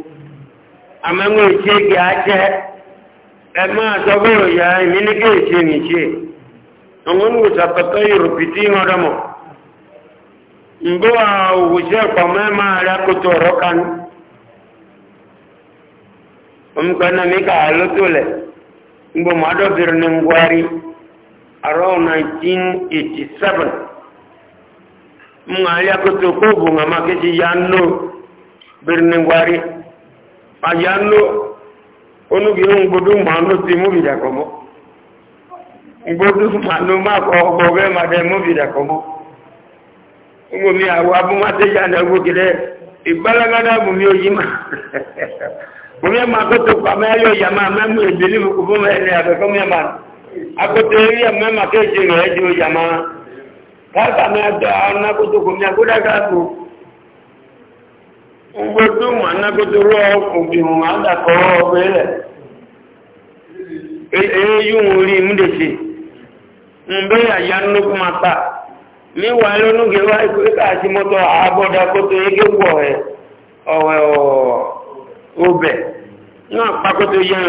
Speaker 1: àmẹ́wọ́n ìṣe kì á jẹ́ ẹ máa sọ́gbọ́rọ̀ ya ní kí èṣe nìṣe àwọn olùsàpẹ̀kẹ́ yorùbá tí wọ́n rọmọ̀ mgbó àwòṣẹ́ ìpamọ́ máa rẹ kótó ọ̀rọ̀ kan omukana mi ka lótó 1987 mú àlẹ́ kótó kóòbù àyà ń ma ń lò sí múbìdà bidakọmọ ma ń lò má kọ ọgbọ̀ ọgbẹ́ ma dẹ múbìdà kọ mọ́ ngomi àwọn abúmátẹ́jà náà gbogbo dẹ ìgbálágádá bùnmi òyì mà bùnmi ẹ̀ máa kótó pàmò ẹ̀ yọ yàmá mẹ́mú ìdílé fún mẹ́rin àbẹ̀kọ́ mẹ́mà gbogbo mọ̀nàgbòdòrò òbìrùn àdàkọ̀ ọgbẹ̀ ilẹ̀ èyí yíò orí múdèsè mbẹ́ àyà nnukwu mata níwà lónúgẹ wá ìkúríkà àti mọ́tọ̀ àbọ̀dà kótó egé wọ̀ ẹ̀ ọ̀wẹ̀ ọ̀bẹ̀ náà pàkótó yẹ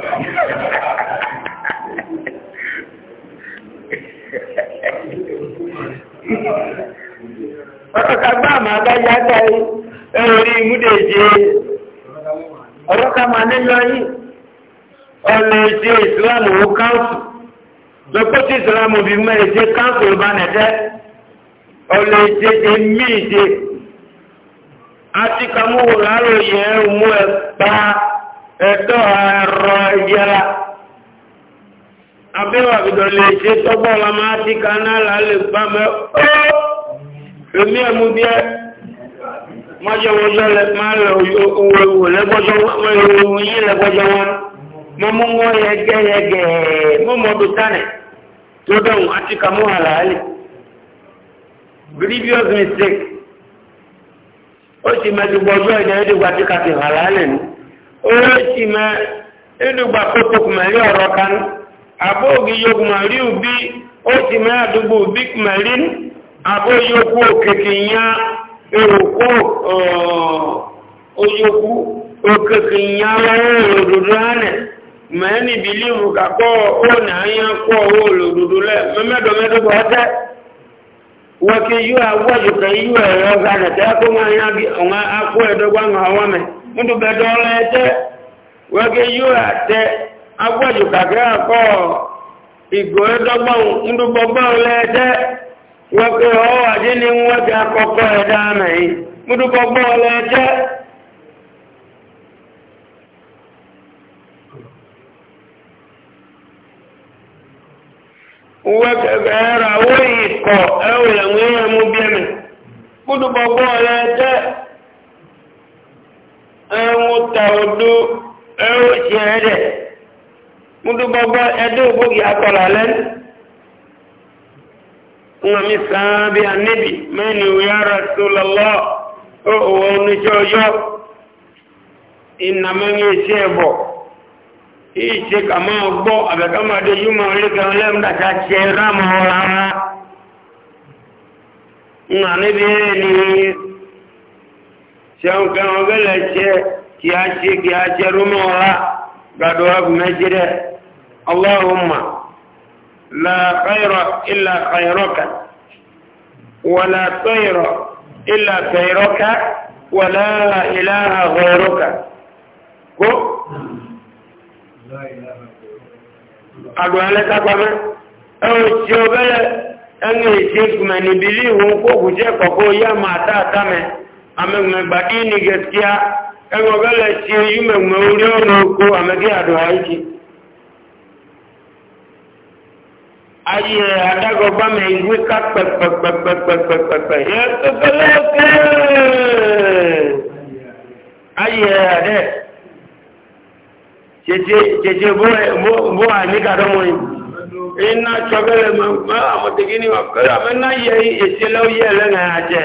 Speaker 2: ọ̀tọ̀kagbá àmàgbá yáta ẹ̀rọ̀rí ìmúdèjì ọ̀rọ̀kàmà
Speaker 1: nílọ yìí ọ̀lẹ̀ èdè ìsìlámù ó káńsù lọ́pọ̀tí ìsìlámù bí mọ́ èdè káńsù ìbánẹ̀tẹ́ ọ̀lẹ̀ èdè èmì èdè àti kàmúwò láàrọ̀ yẹn mú ụmụ ẹ̀tọ́ ẹ̀rọ ìyára abẹ́wà bìdọ̀ lè ṣe tọ́gbọ́n la máa ti ka náà là lè gbá mẹ́ ọ́ èmi ẹ̀mú bí ẹ́
Speaker 2: mọ́jọ́wọ́jọ́ lẹ máa lẹ òwò lẹ́gbọ́jọ́ òwò yí lẹ́gbọ́jọ́ wọn mọ́ mú wọ́n yẹ gẹ́gẹ́ mọ́ mọ́ bí tánẹ̀
Speaker 1: tó dẹ̀hùn àti ka mú àlàálì grievous mistake ó sì mẹ́tò gbọ́jọ́ ìdẹ́ẹ́dẹ́gbà tí ka ti hàlàálì ni. oríṣi mẹ ẹdùgbà kókò kùmẹ̀lì ọ̀rọ̀ kan àbóògì yóò kùmẹ̀lì òbí ó sì mẹ àdúgbò òbí kùmẹ̀lì àbóyókù ya yá èròkó oyókù òkèkè yá lọ́wọ́ hánẹ̀ mẹ́ni bìlíwù kàkọ́ ònà ayá kọ́ owó olòdòdó lẹ́ mẹ́mẹ́dọ̀mẹ́dọ̀gbọ̀ ọ́tẹ́ wọ́n kí yóò awọ́jù ŋutu bɛ dɔn lɛ tɛ wɛgɛ yio la tɛ agbɔdzo kakra kɔ igo yɛ dɔgbɔn ŋutu bɔgbɔn lɛ tɛ wɛgɛ ɔ adi ni ŋu wɛgɛ akɔkɔ yɛ dɛ ẹ̀wọ̀n ta odó ẹ̀wọ̀n ṣe ẹ̀dẹ̀ múdúbọ́gbọ́ ẹ̀dẹ́ ògbógi akọ̀là lẹ́nu ńlá mi sàn bí anábì mẹ́ni ya Rasulullah òwò oníṣẹ́ ọjọ́ ìnàmẹ́ni iṣẹ́ ẹ̀bọ̀ ìṣẹ́ kàmọ́ ka àbẹ̀kámọ́dé yúmọ̀ oríkan lẹ́mdàkà ṣe rámọ̀ ọ̀rọ̀ ara ńlá níbi sẹ́wọ̀n kan wọ́n bẹ́ lẹ̀ ṣe kí a ṣe kí a ṣe rúmọ̀ ọ̀la gbàdọ̀ ọ̀bù méjì rẹ̀ ọlọ́hùnmá la kẹ́rọ̀ ilà kẹ́rọ̀kà wàlà kẹ́rọ̀ ilà kẹ́rọ̀kà wàlà ilà kẹ́rọ̀kà kó. àgbọ̀n alẹ́ sápamẹ́ ẹ ò ṣe ọbẹ̀ ẹ̀ńgẹ̀ ìṣe kùmẹ̀ níbi ilé ìwọ̀n kó kù jẹ́ kọ̀kọ́ yá màá tá a tá mẹ́. amegmegba dini gaskiya ɗan ogala ce yi megmauri ono ko a magiya da haiki ayi adago ba mai ka pẹpẹpẹpẹpẹpẹpẹ yẹ pẹpẹlẹpẹ ayi adẹ tètè bó àní kàdọ́mọ yìí iná tsọgẹlẹ mọ ma ni wà kẹlẹ àmẹ náà ihe èsì lẹwọ yẹ lẹnà àjẹ.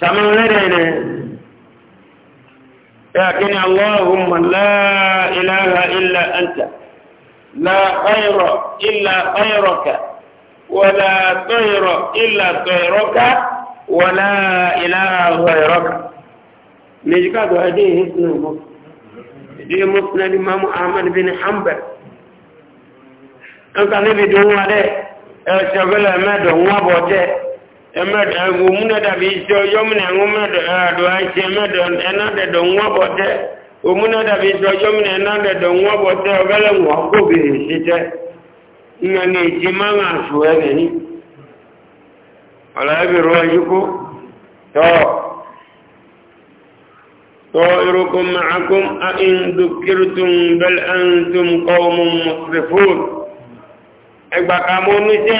Speaker 2: sàmúlẹ́rẹ̀ẹ́rẹ́
Speaker 1: لكن اللهم لا إله إلا أنت لا خير إلا خيرك ولا طير إلا طيرك ولا إله غيرك نجيكا هذه هديه اسمه دي مسند امام احمد بن حنبل ان كان بيدو عليه شغله ما دو وابو ẹmẹ́dọ̀ ẹgbù múnẹ́dàbí iṣẹ́ ọjọ́ múnẹ̀ ẹ̀hún mẹ́dọ̀ ẹ̀rọ àìṣẹ́ mẹ́dọ̀ ẹ̀nàdẹ̀dọ̀ ń wọ́bọ̀ tẹ́ òmúnẹ́dàbí iṣẹ́ ọjọ́ múnẹ̀ ẹ̀nàdẹ̀dọ̀ ń wọ́bọ̀ tẹ́ ọgọ́lẹ̀wọ̀n kòbèrè sí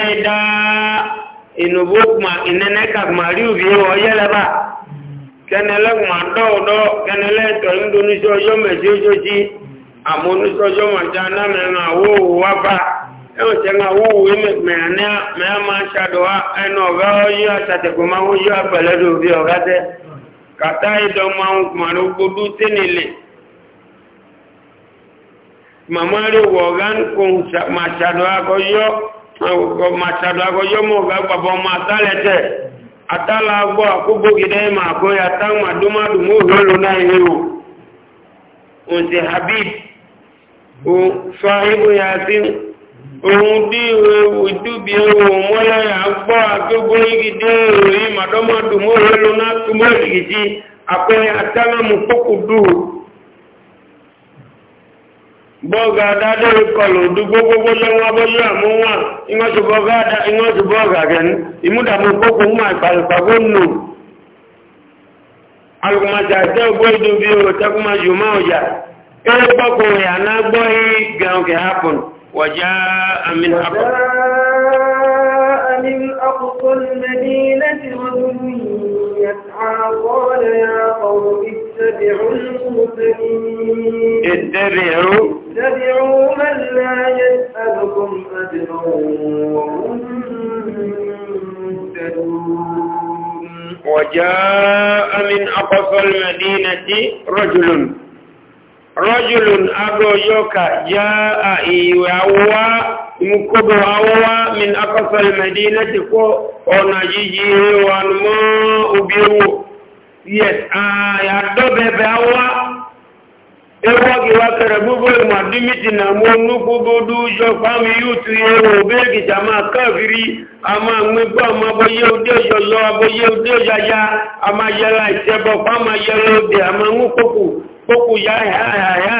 Speaker 1: ní ìnùbó kuma ìnẹnẹ kàkùmà rí òbí wọ yẹlẹba kẹnẹlẹ kuma dọwọdọ kẹnẹlẹ tọ ndonisi ọjọ mẹsí ọjọ tí àmọnisi ọjọ mọjá námẹ ńà wọwọ wá bá ẹwọn tẹ ńà wọwọ mẹhànẹ mẹhàmà ṣàdọ wa ẹnu tẹ kuma agụkọ machado agọjọmọ ga-agbaba ọma atalete atala agbọ akwụgbogide ma akụ ya ta mmadụ mmadụ ma ohiolu na ihewu ozi habib sahibu ya si ohun dị ewu dubi ewu mọya ya agbọ agbogboigide ewu ịmadọmadụ ma ohiolu na atụmọligidi akụ ya atala bọ́ọ̀gà dádẹ́rẹ́ kọlù dúgbò gbogbo lẹ́wọ́n abọ́yọ́ àmúwà ìwọ́sù bọ́ọ̀gà rẹ̀ ní ìmúdàmú mú àìpàlùpàgbó nù alùpùpàjà tẹ́ bí o jù máa ọjà يسعى قال يا قوم اتبعوا اتبعوا اتبعوا من لا يسألكم أجرا وهم وجاء من أقصى المدينة رجل رجل أبو يوكا جاء إيواوا mkobo hawa min akasa almadinati ko ona jiji wanmo ubiru yes ya ebe awa ewu gi wa gbogbo ìmọ̀ e na mú nnukwu gbogbo ụjọ fámi yútu ya ewu obegi jama kọfiri a ma nwegbọ́ ọmọ bóyé òdé lọ bóyé ụdị ọjọ́ ya a ma yẹra ìṣẹ́bọ̀ fáma yẹra òdè a ma ń ya ya ya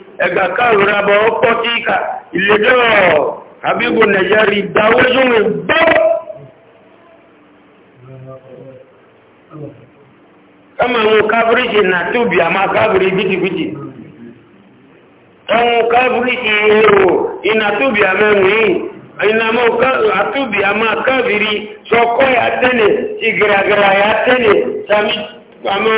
Speaker 1: ẹ̀ka káàrùn abọ́ ọpọ́ tí ìkà ìlẹ́jọ́ àbíbò nàìjírí dáwọ́sùn ìgbọ́ kọmọ̀wò kábíríṣì nà tóbi àmà na bìtìbìtì ẹ̀wọ̀n kábíríṣì èrò ìnà tóbi àmà ẹ̀wọ̀n ìnàmọ́ àtúbì àmà kábírí sọkọ́ yà tẹ́lẹ̀ ìgìràgìrà yà tẹ́lẹ̀ sàmì àmọ́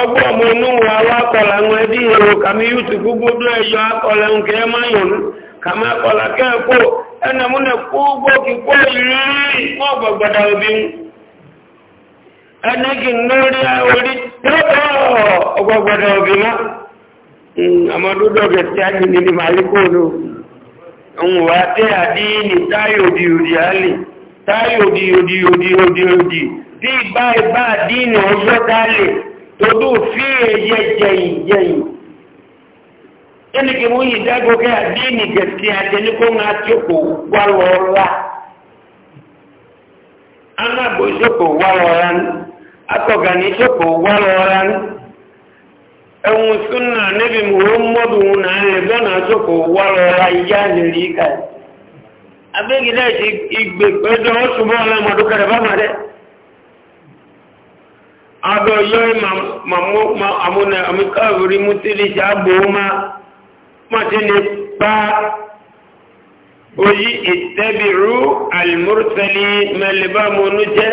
Speaker 1: ọgbọ́ ọmọ onúwọ̀ awọ́ akọ̀lá ń ẹbí èrò kàmí yútùkú gbogbo ẹ̀yọ akọ̀lá ń kẹ́ máyùn kàmí akọ̀lá kẹ́ẹ̀kọ́ ẹnà múnẹ̀ hmm, kó ìrírí táyò di òdì òdì òdì òdì òdì ọjọ́ odó fi ẹyẹ jẹyìn jẹyìn ẹnìkì mú yìí dágbo kí àdínì gẹ̀ẹ́sì àtẹni kó ń wà lọ́la anagbo tsoko wà lọ́la ní akọ̀gànì tsoko wà lọ́la ní ẹ̀wọ̀n súnà níbi muhammadu nà lẹ́gbẹ̀nà tsoko wà lọ́la ìyá nìyí kàì abẹ́gidẹ́ ìgbèpẹ́jọ́ ọ̀ṣùbọ̀ ọ̀la bá ma dẹ́. adọ yọ ma amúnẹ amíkàwòrí mú tí lè ṣàgbò má má tí lè pa oyi ìtẹ́bìrú alìmúrùsẹ̀lì meliba mọ́nú je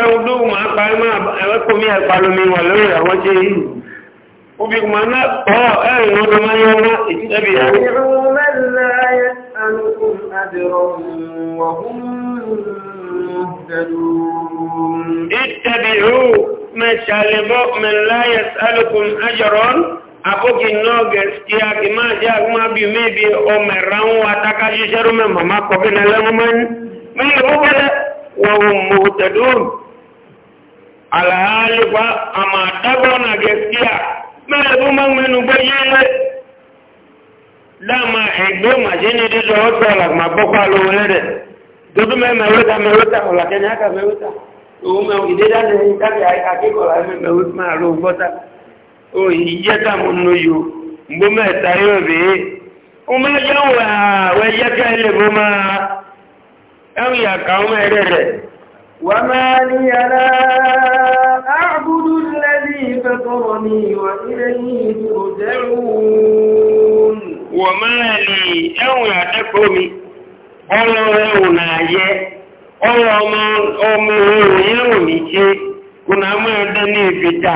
Speaker 1: ẹ̀hùn e ma parí e má ẹ̀wẹ́kùnmí e ẹ̀pàlómi wà lórí àwọn jẹ́ Obi kuma na ọ ẹ̀rìn مهتدون اتبعوا مثل المؤمن لا يسألكم أجرا abogi noge skia kima ja kuma bi me bi o meran wa taka jisharu me mama ko bi nala man me lo bala wa na dama ma ma dodo mɛ mɛwɛta mɛwɛta o la kɛnɛ aka mɛwɛta o mɛ ìdédá ni káfí akékọ̀ọ́ la mɛ mɛwɛta máa lo gbọ́ta o ìyẹ́ta mo nù yìí o gbó mẹ́ta yóò bè é o mɛ yẹ wò aa wẹ yẹ ká ẹ lè ma ẹ̀wù yà ká o mẹ rẹ rẹ. wà á máa ní yàrá àbúrú ni wà ilé yìí tó dẹ́rù. wọ́n máa lè ẹ̀wù yà mi. ọlọ́rẹ́ ò náà yẹ ọlọ́ ọmọ òòrùn yẹ́rùn ní ṣe kò náà mọ́ ẹ̀dẹ́ ní ìfìjà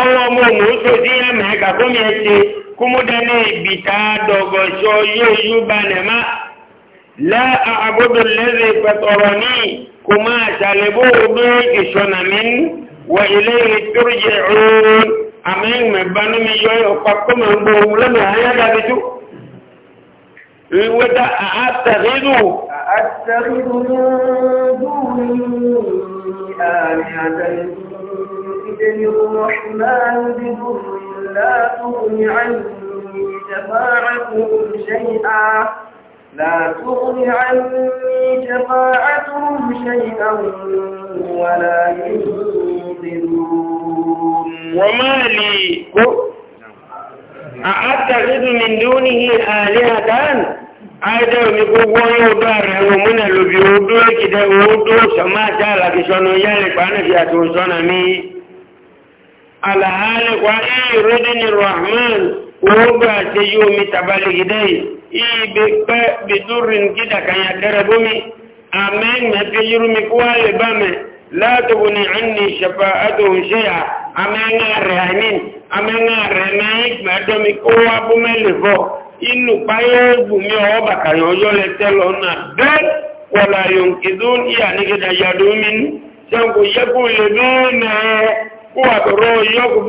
Speaker 2: ọlọ́ ọmọ òòrùn tó sí
Speaker 1: ẹ̀mẹ́ kàkómi ẹ̀ṣẹ́ kó mú dẹ́ ní ìbìtà dọ̀gọ̀ṣọ́ yóò yú balẹ̀ má lẹ́ àgbódò lẹ́rẹ̀ pẹ̀tọ̀rọ̀ ní kò máa wọ ilé وده أتخذ أتخذ من دونه آلهة إذن الرحمن بضر لا تغني عني شفاعتهم شيئا لا تغن عني شفاعتهم شيئا ولا ينقذون وما لي àátàrídù mi dúní àlẹ́ àdáhàn àìdá omi gbogbo yóò dọ́ ààrẹ wọn múnà lóbi odó ìkìdẹ odó sọmáàtà àlàkìsọ́nà yẹ́lẹ̀ pàánàfì àti òṣọ́nà mi àlàálẹ̀kwá ìrìdìní rahman ogbà àti yí omi tàbálẹ̀gìdẹ́ ìgbè pẹ́ bìdúrin gídàkanyà dẹ́rẹ̀ bómi àmẹ́ ìmẹ́ fi yírumi amẹ́ńgá rẹ̀ àní amẹ́ńgá rẹ̀ náà ìgbàdọ́mi kó wá bó mẹ́lẹ̀ bọ̀ inú báyọ̀ gbùmí ọwọ́ bàkàyọ̀ ọjọ́ lẹ tẹ́lọ náà bẹ́ẹ̀ wọ̀là yòǹkìdó ìyà nígbèdà yàdó mi ní sẹ́kù yẹ́kù lè dúnà kó àtọ̀rọ̀ yọ́kù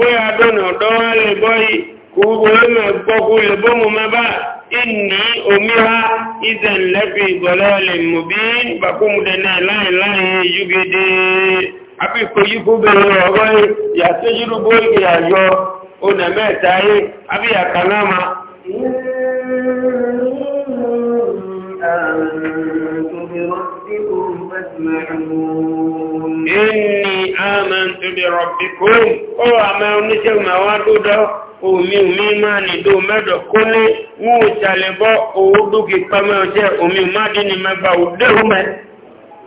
Speaker 1: àbí ìkòyíkú bẹ̀rẹ̀ ọ̀rọ̀ yàtẹ́júrúgbó ìyàyọ ọ̀nà mẹ́ta yé àbí àkànáma. Inni amantu bi rabbikum ó àmà oníṣẹ́ màwá dúdọ́ omi omi máa nìdó mẹ́dọ̀ kó ní wọ́n ò owó dúkìí ọjẹ́ omi máa dín ní mẹ́gbà mẹ́.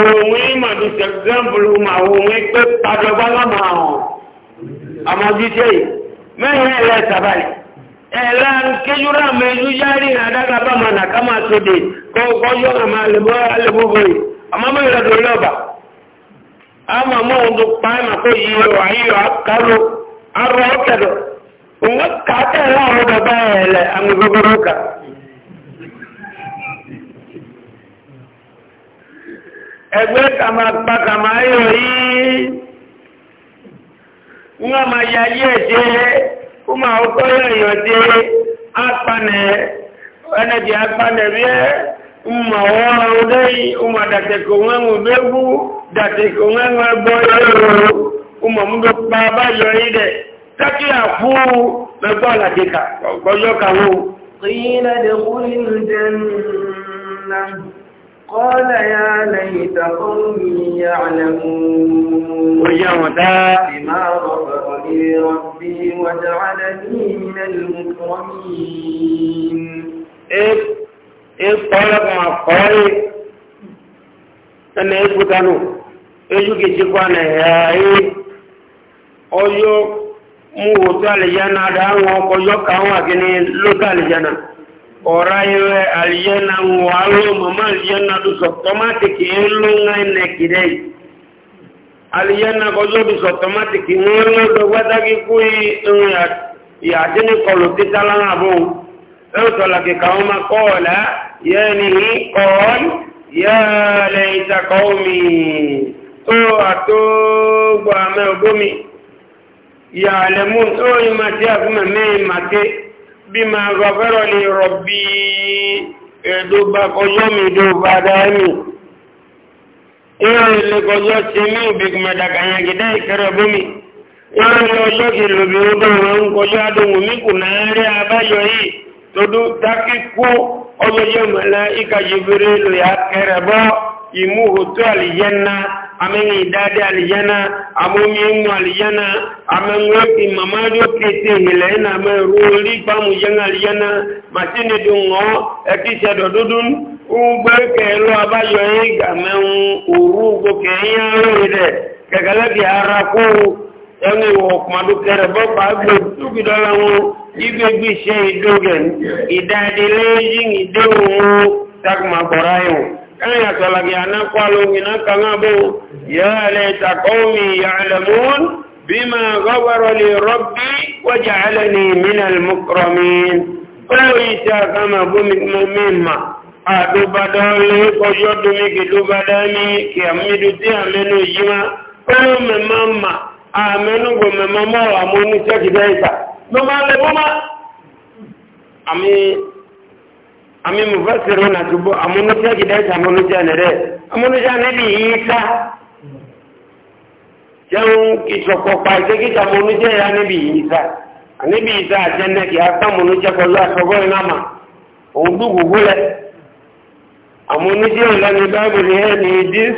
Speaker 1: òun ìmọ̀ ní sẹ̀gbẹ́mbùlù máa òun pé pàdọ̀gbá lọ́mọ a àmọ́jíṣẹ́ mẹ́rin ẹ̀rẹ́ sàbàlẹ̀ ẹ̀lá kéjúrà mẹ́jú yárí àdága bá ma nàká máa sódè kọ́ọ̀kọ́jọ́ àmà alẹ́bọ́bọ̀rẹ̀ àmọ́mọ́ ma ọ ẹgbẹ́ kàmàgbà kàmàáyọ̀ yìí wọ́n ma ya yí ẹ̀ṣẹ́ kó máa ọkọ́ yọ̀yọ̀ dé apanẹ̀ ẹnẹ́bí apanẹ̀ bí ẹ́ mọ̀ wọ́n ọdẹ́ yìí ọmọ dàtẹ̀kọ̀ wọn ń gbẹ́gbú dàtẹ̀kọ̀ wọn ń gbọ́ yọ̀rọ̀ ọmọ mú bí pa bá قال يا ليت قومي يعلمون بما غفر لي ربي وجعلني من المكرمين إذ إذ طلب مع قارئ أن يفوتنوا ejuke jikwa na yayi oyo mu hoto alijana da an wọn kọjọ ka wọn akini lókà alijana ora ile aliena walo mama aliena du automatic ilunga inekirei aliena gozo du automatic ngono do wadagi kui ya ya jini kolo titala ngabo eto la ke kaoma kola yeni qol ya laita kaumi to ato gwa me ogomi ya lemun o imati akuma me mate bíma gbàfẹ́rọ̀ lè rọ̀bí ẹ̀dọ́gbà kọjọ́ mi dọ́gbà dáẹ́mì ìrìn lè kọjọ́ ti mí ìbìkùnmẹ̀dàkàyàn gidẹ́ ìkẹrẹ bómi ìrìn ọjọ́ kì lòbí ọdọ́rọ̀ ń kọjọ́ adóhùn mí kù náàrí abáyọ yìí tọdú dákíkú ọjọ́jọ́ mọ̀lá ìkàjẹ́bẹ̀rẹ̀ lè amene idadi alijana amomiengu alijana amengwepi mamadio kitihile na ameruli pamujenga alijana masini dungo ekisha dodudun ugbekelo abayo igamen urugo keyaide kegalagi araku ẹni ọkùnmọ̀dún kẹrẹ bọ́pàá gbò túbìdọ́lá wọn gbígbégbé iṣẹ́ ìdógẹ̀ ìdádilé yìí ìdéhùn wọn tágùmà bọ̀ráyùn ẹ̀yà sọ̀làgì ànákwàlò ìnáka náà bó yà lè takọ́mì yàlẹ̀mún bí ma gọ́gbàrọ̀ lè rọ́bí wọ́jà alẹ́ni mínal mọ́kọ̀rọ̀mín pẹ̀lú ìṣẹ́ àkàmà bómi mímọ̀ àdúbàdọ́ lè kọjọ́ domi gẹ̀dúbàdá ní kí àmìdú tí àmẹ́nu yíma mẹ́mọ́ mà àmẹ́nu gbò mẹ́mọ́ mọ́ àmọ́ oníṣẹ́ kìdẹ́ ìta ami mufasiru na tubo amunuja kidaisa amunuja nere amunuja neli isa jẹun ìṣọ̀kọ̀pá ìṣẹ́gíjà amunuja ya níbi isa níbi isa àjẹ́nẹ́ kí a sá amunuja pẹ̀lú àṣọgọ́ ìnáma òun dúgbùgbù lẹ amunuja ìlànà bible here ni this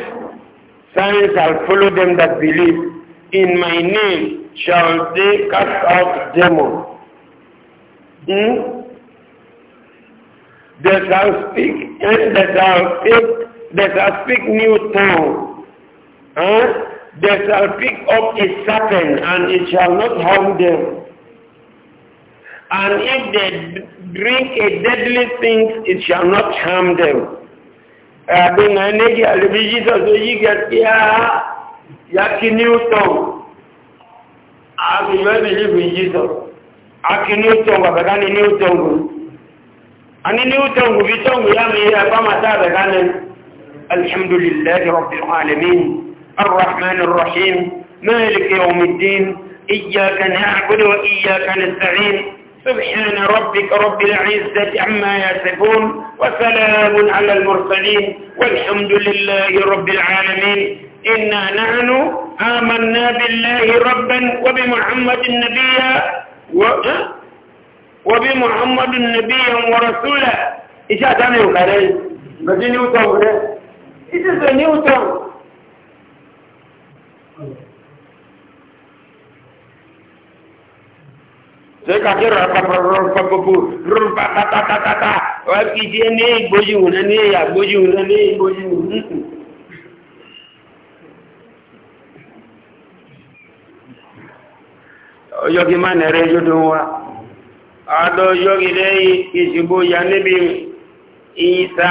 Speaker 1: signs shall follow them that believe in my name shall they cast out demons. Hmm? They shall speak, and they shall speak, they shall speak new tongue. Huh? They shall pick up a serpent, and it shall not harm them. And if they drink a deadly thing, it shall not harm them. Abin anegi alibi Jesus I believe in Jesus. I believe in Jesus. Aki Newton, babaka أني نيوتن وبيتن ويامي أبما تابع أنا الحمد لله رب العالمين الرحمن الرحيم مالك يوم الدين إياك نعبد وإياك نستعين سبحان ربك رب العزة عما يصفون وسلام على المرسلين والحمد لله رب العالمين إنا نحن آمنا بالله ربا وبمحمد النبي و... وبي محمد نبيا ورسولا إيش أتاني iṣẹ́ بدي نيوتن كده ní ní wa àádọ́ yọrí lẹ́yìn ìṣìbò ya níbi ìyíta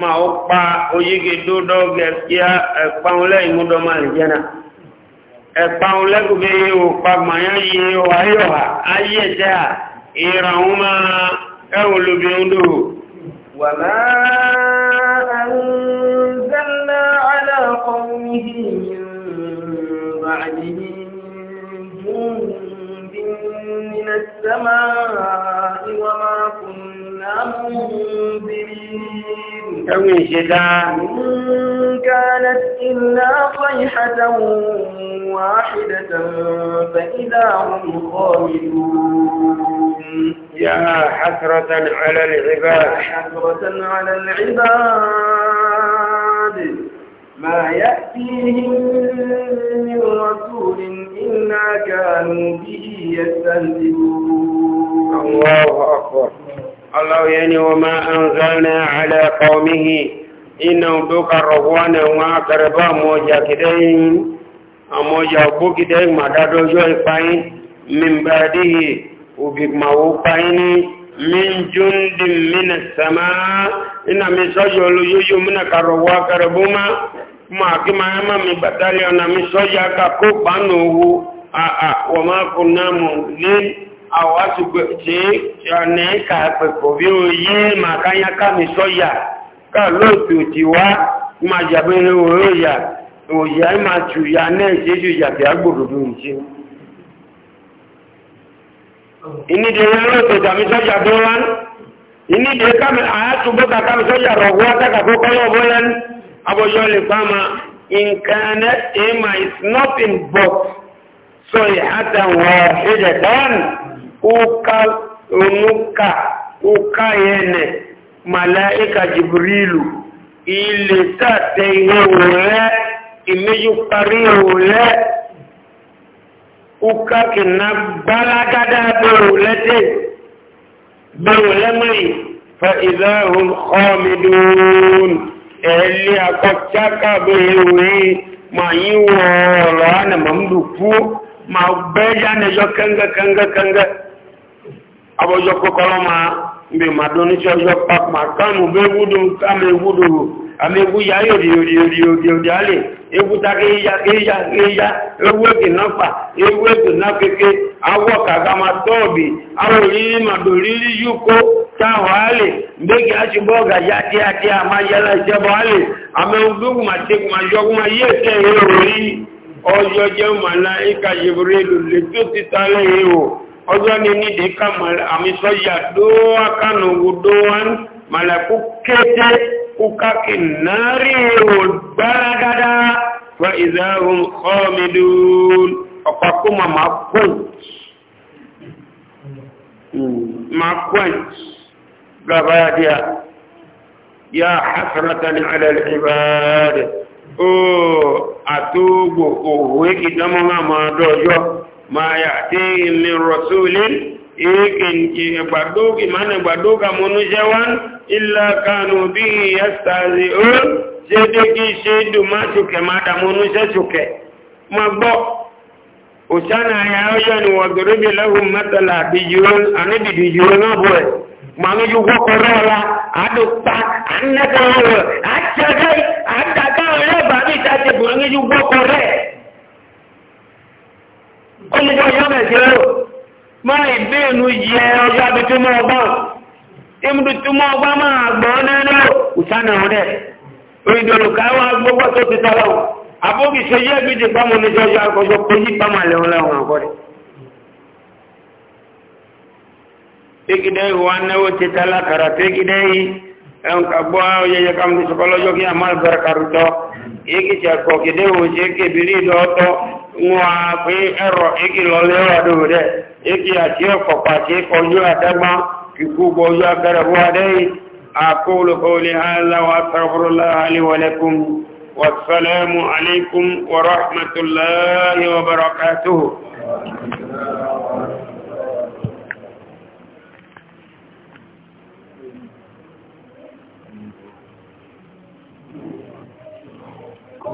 Speaker 1: ma ó pa oyígi dúdọ́ gẹ̀ẹ́kíá ẹ̀pàun lẹ́yìn múdọ́mà ìjẹ́nà ẹ̀pàun lẹ́gùnbẹ̀ yíò pàgbàyà yìí ó ayọ̀hà ayé ẹ̀jẹ́ à ìràun máa ẹ̀wọ̀n السماء وما كنا منذرين إن كانت إلا صيحة واحدة فإذا هم خامدون يا حسرة على العباد يا حسرة على العباد ما يأتيهم من رسول إلا كانوا به يستهزئون الله أكبر الله يعني وما أنزلنا على قومه إنهم دوك الرهوان وأقربا موجا كدين أموجا بوكدين ما دادو جوي فاين من بعده وبيك ما هو فايني min jundin min sama ina mi soyo lu yuyu muna karowa karabuma ma ki ma ma mi batali ona mi soja ka ko banu a a wa ma kunna munzin awatu je jane ka pe ko bi o yi ma ka ya ka mi soja ka lo tu ti wa ma jabe o ya o ya ma ju ya ne je ju ya bi agbodo nji inide wero to jamisa ya dolan inide kama ayatu boka kama soja rogwata ka koko yo bolan abo yole kama incarnate ema is not in box so hata wahidatan uka unuka uka yene malaika jibrilu ile tate iwe ule imeju kari ule uka kìnnà gbálágádá bẹ̀rù lẹ́tẹ̀ bẹ̀rù lẹ́mìrì fa ìdáhùn kọ́mìdún ẹ̀lẹ́ àkọ́kíákà bẹ̀rù rí ma yí wọ ọ̀rọ̀ ánà ma ń dù kú ma bẹ́ẹ̀já nẹjọ́ kẹ́ngẹ́kẹ́ngẹ́kẹ́ngẹ́ abọ́jọ́ kọ́kọ́rọ́ ma bè ma dún níṣẹ́ pàpàkánù bẹ́ẹ̀ wúdùn kámi wúdùn ama egwu ya ya orioriorioriori ali egwu taka ya ya ya egwu eke nọkpa na keke agwọ ka ga ma tọọbi awụriri ma doriri yuko tahụ ali mgbe gị achịgba ya dị adị ama yala jebụ ali ama ma ma jọgwu ma ya ihe ìka tó ti ọjọ́ ni ní àmì sọ́yà wọn kukaki náàrí ìwòl gbáradada wa ìzáhùn ọmọdún ọ̀pàkó ma ma kún ma kún lábáyá díà ya hasrata ni alal ibad o atugo òwe ìdámọ́ ma ma ma yà tí min rasulin ekin gbadogi mana gbadoga munujawan illa kanu bihi yastazi'un sedeki sedu masuke mada munuje suke magbo usana ya oyan wa duribi lahum matala bijun anabi bijun abwe manu yugo korola adu pa annaka achagai adaka máa ìbéènù yẹ ọjọ́ abitúmọ̀ ọgbà ìmùdùtúmọ̀ ọgbà máa gbọ́ nínú ìsànà rẹ̀ ìdòlùkà wà gbogbo tó ti tọ́lọ̀ àbókì ṣe yẹ́ bí ti pàmò ní ṣọ́jọ́ àkọjọ pé yí pàmò lẹ́wọ̀n lẹ́wọ̀n àkọ́rẹ́ tẹ́gidẹ́ ìwà náwó ti tẹ́lá kàrà tẹ́gidẹ́ yìí ẹ̀hùn kàgbọ́ ayẹyẹ kàmù sọkọlọ́jọ́ kí a máa eki atie kopatie konyo adama kikubo ya garabu adai aqulu qawli hadha wa astaghfirullah li wa lakum wa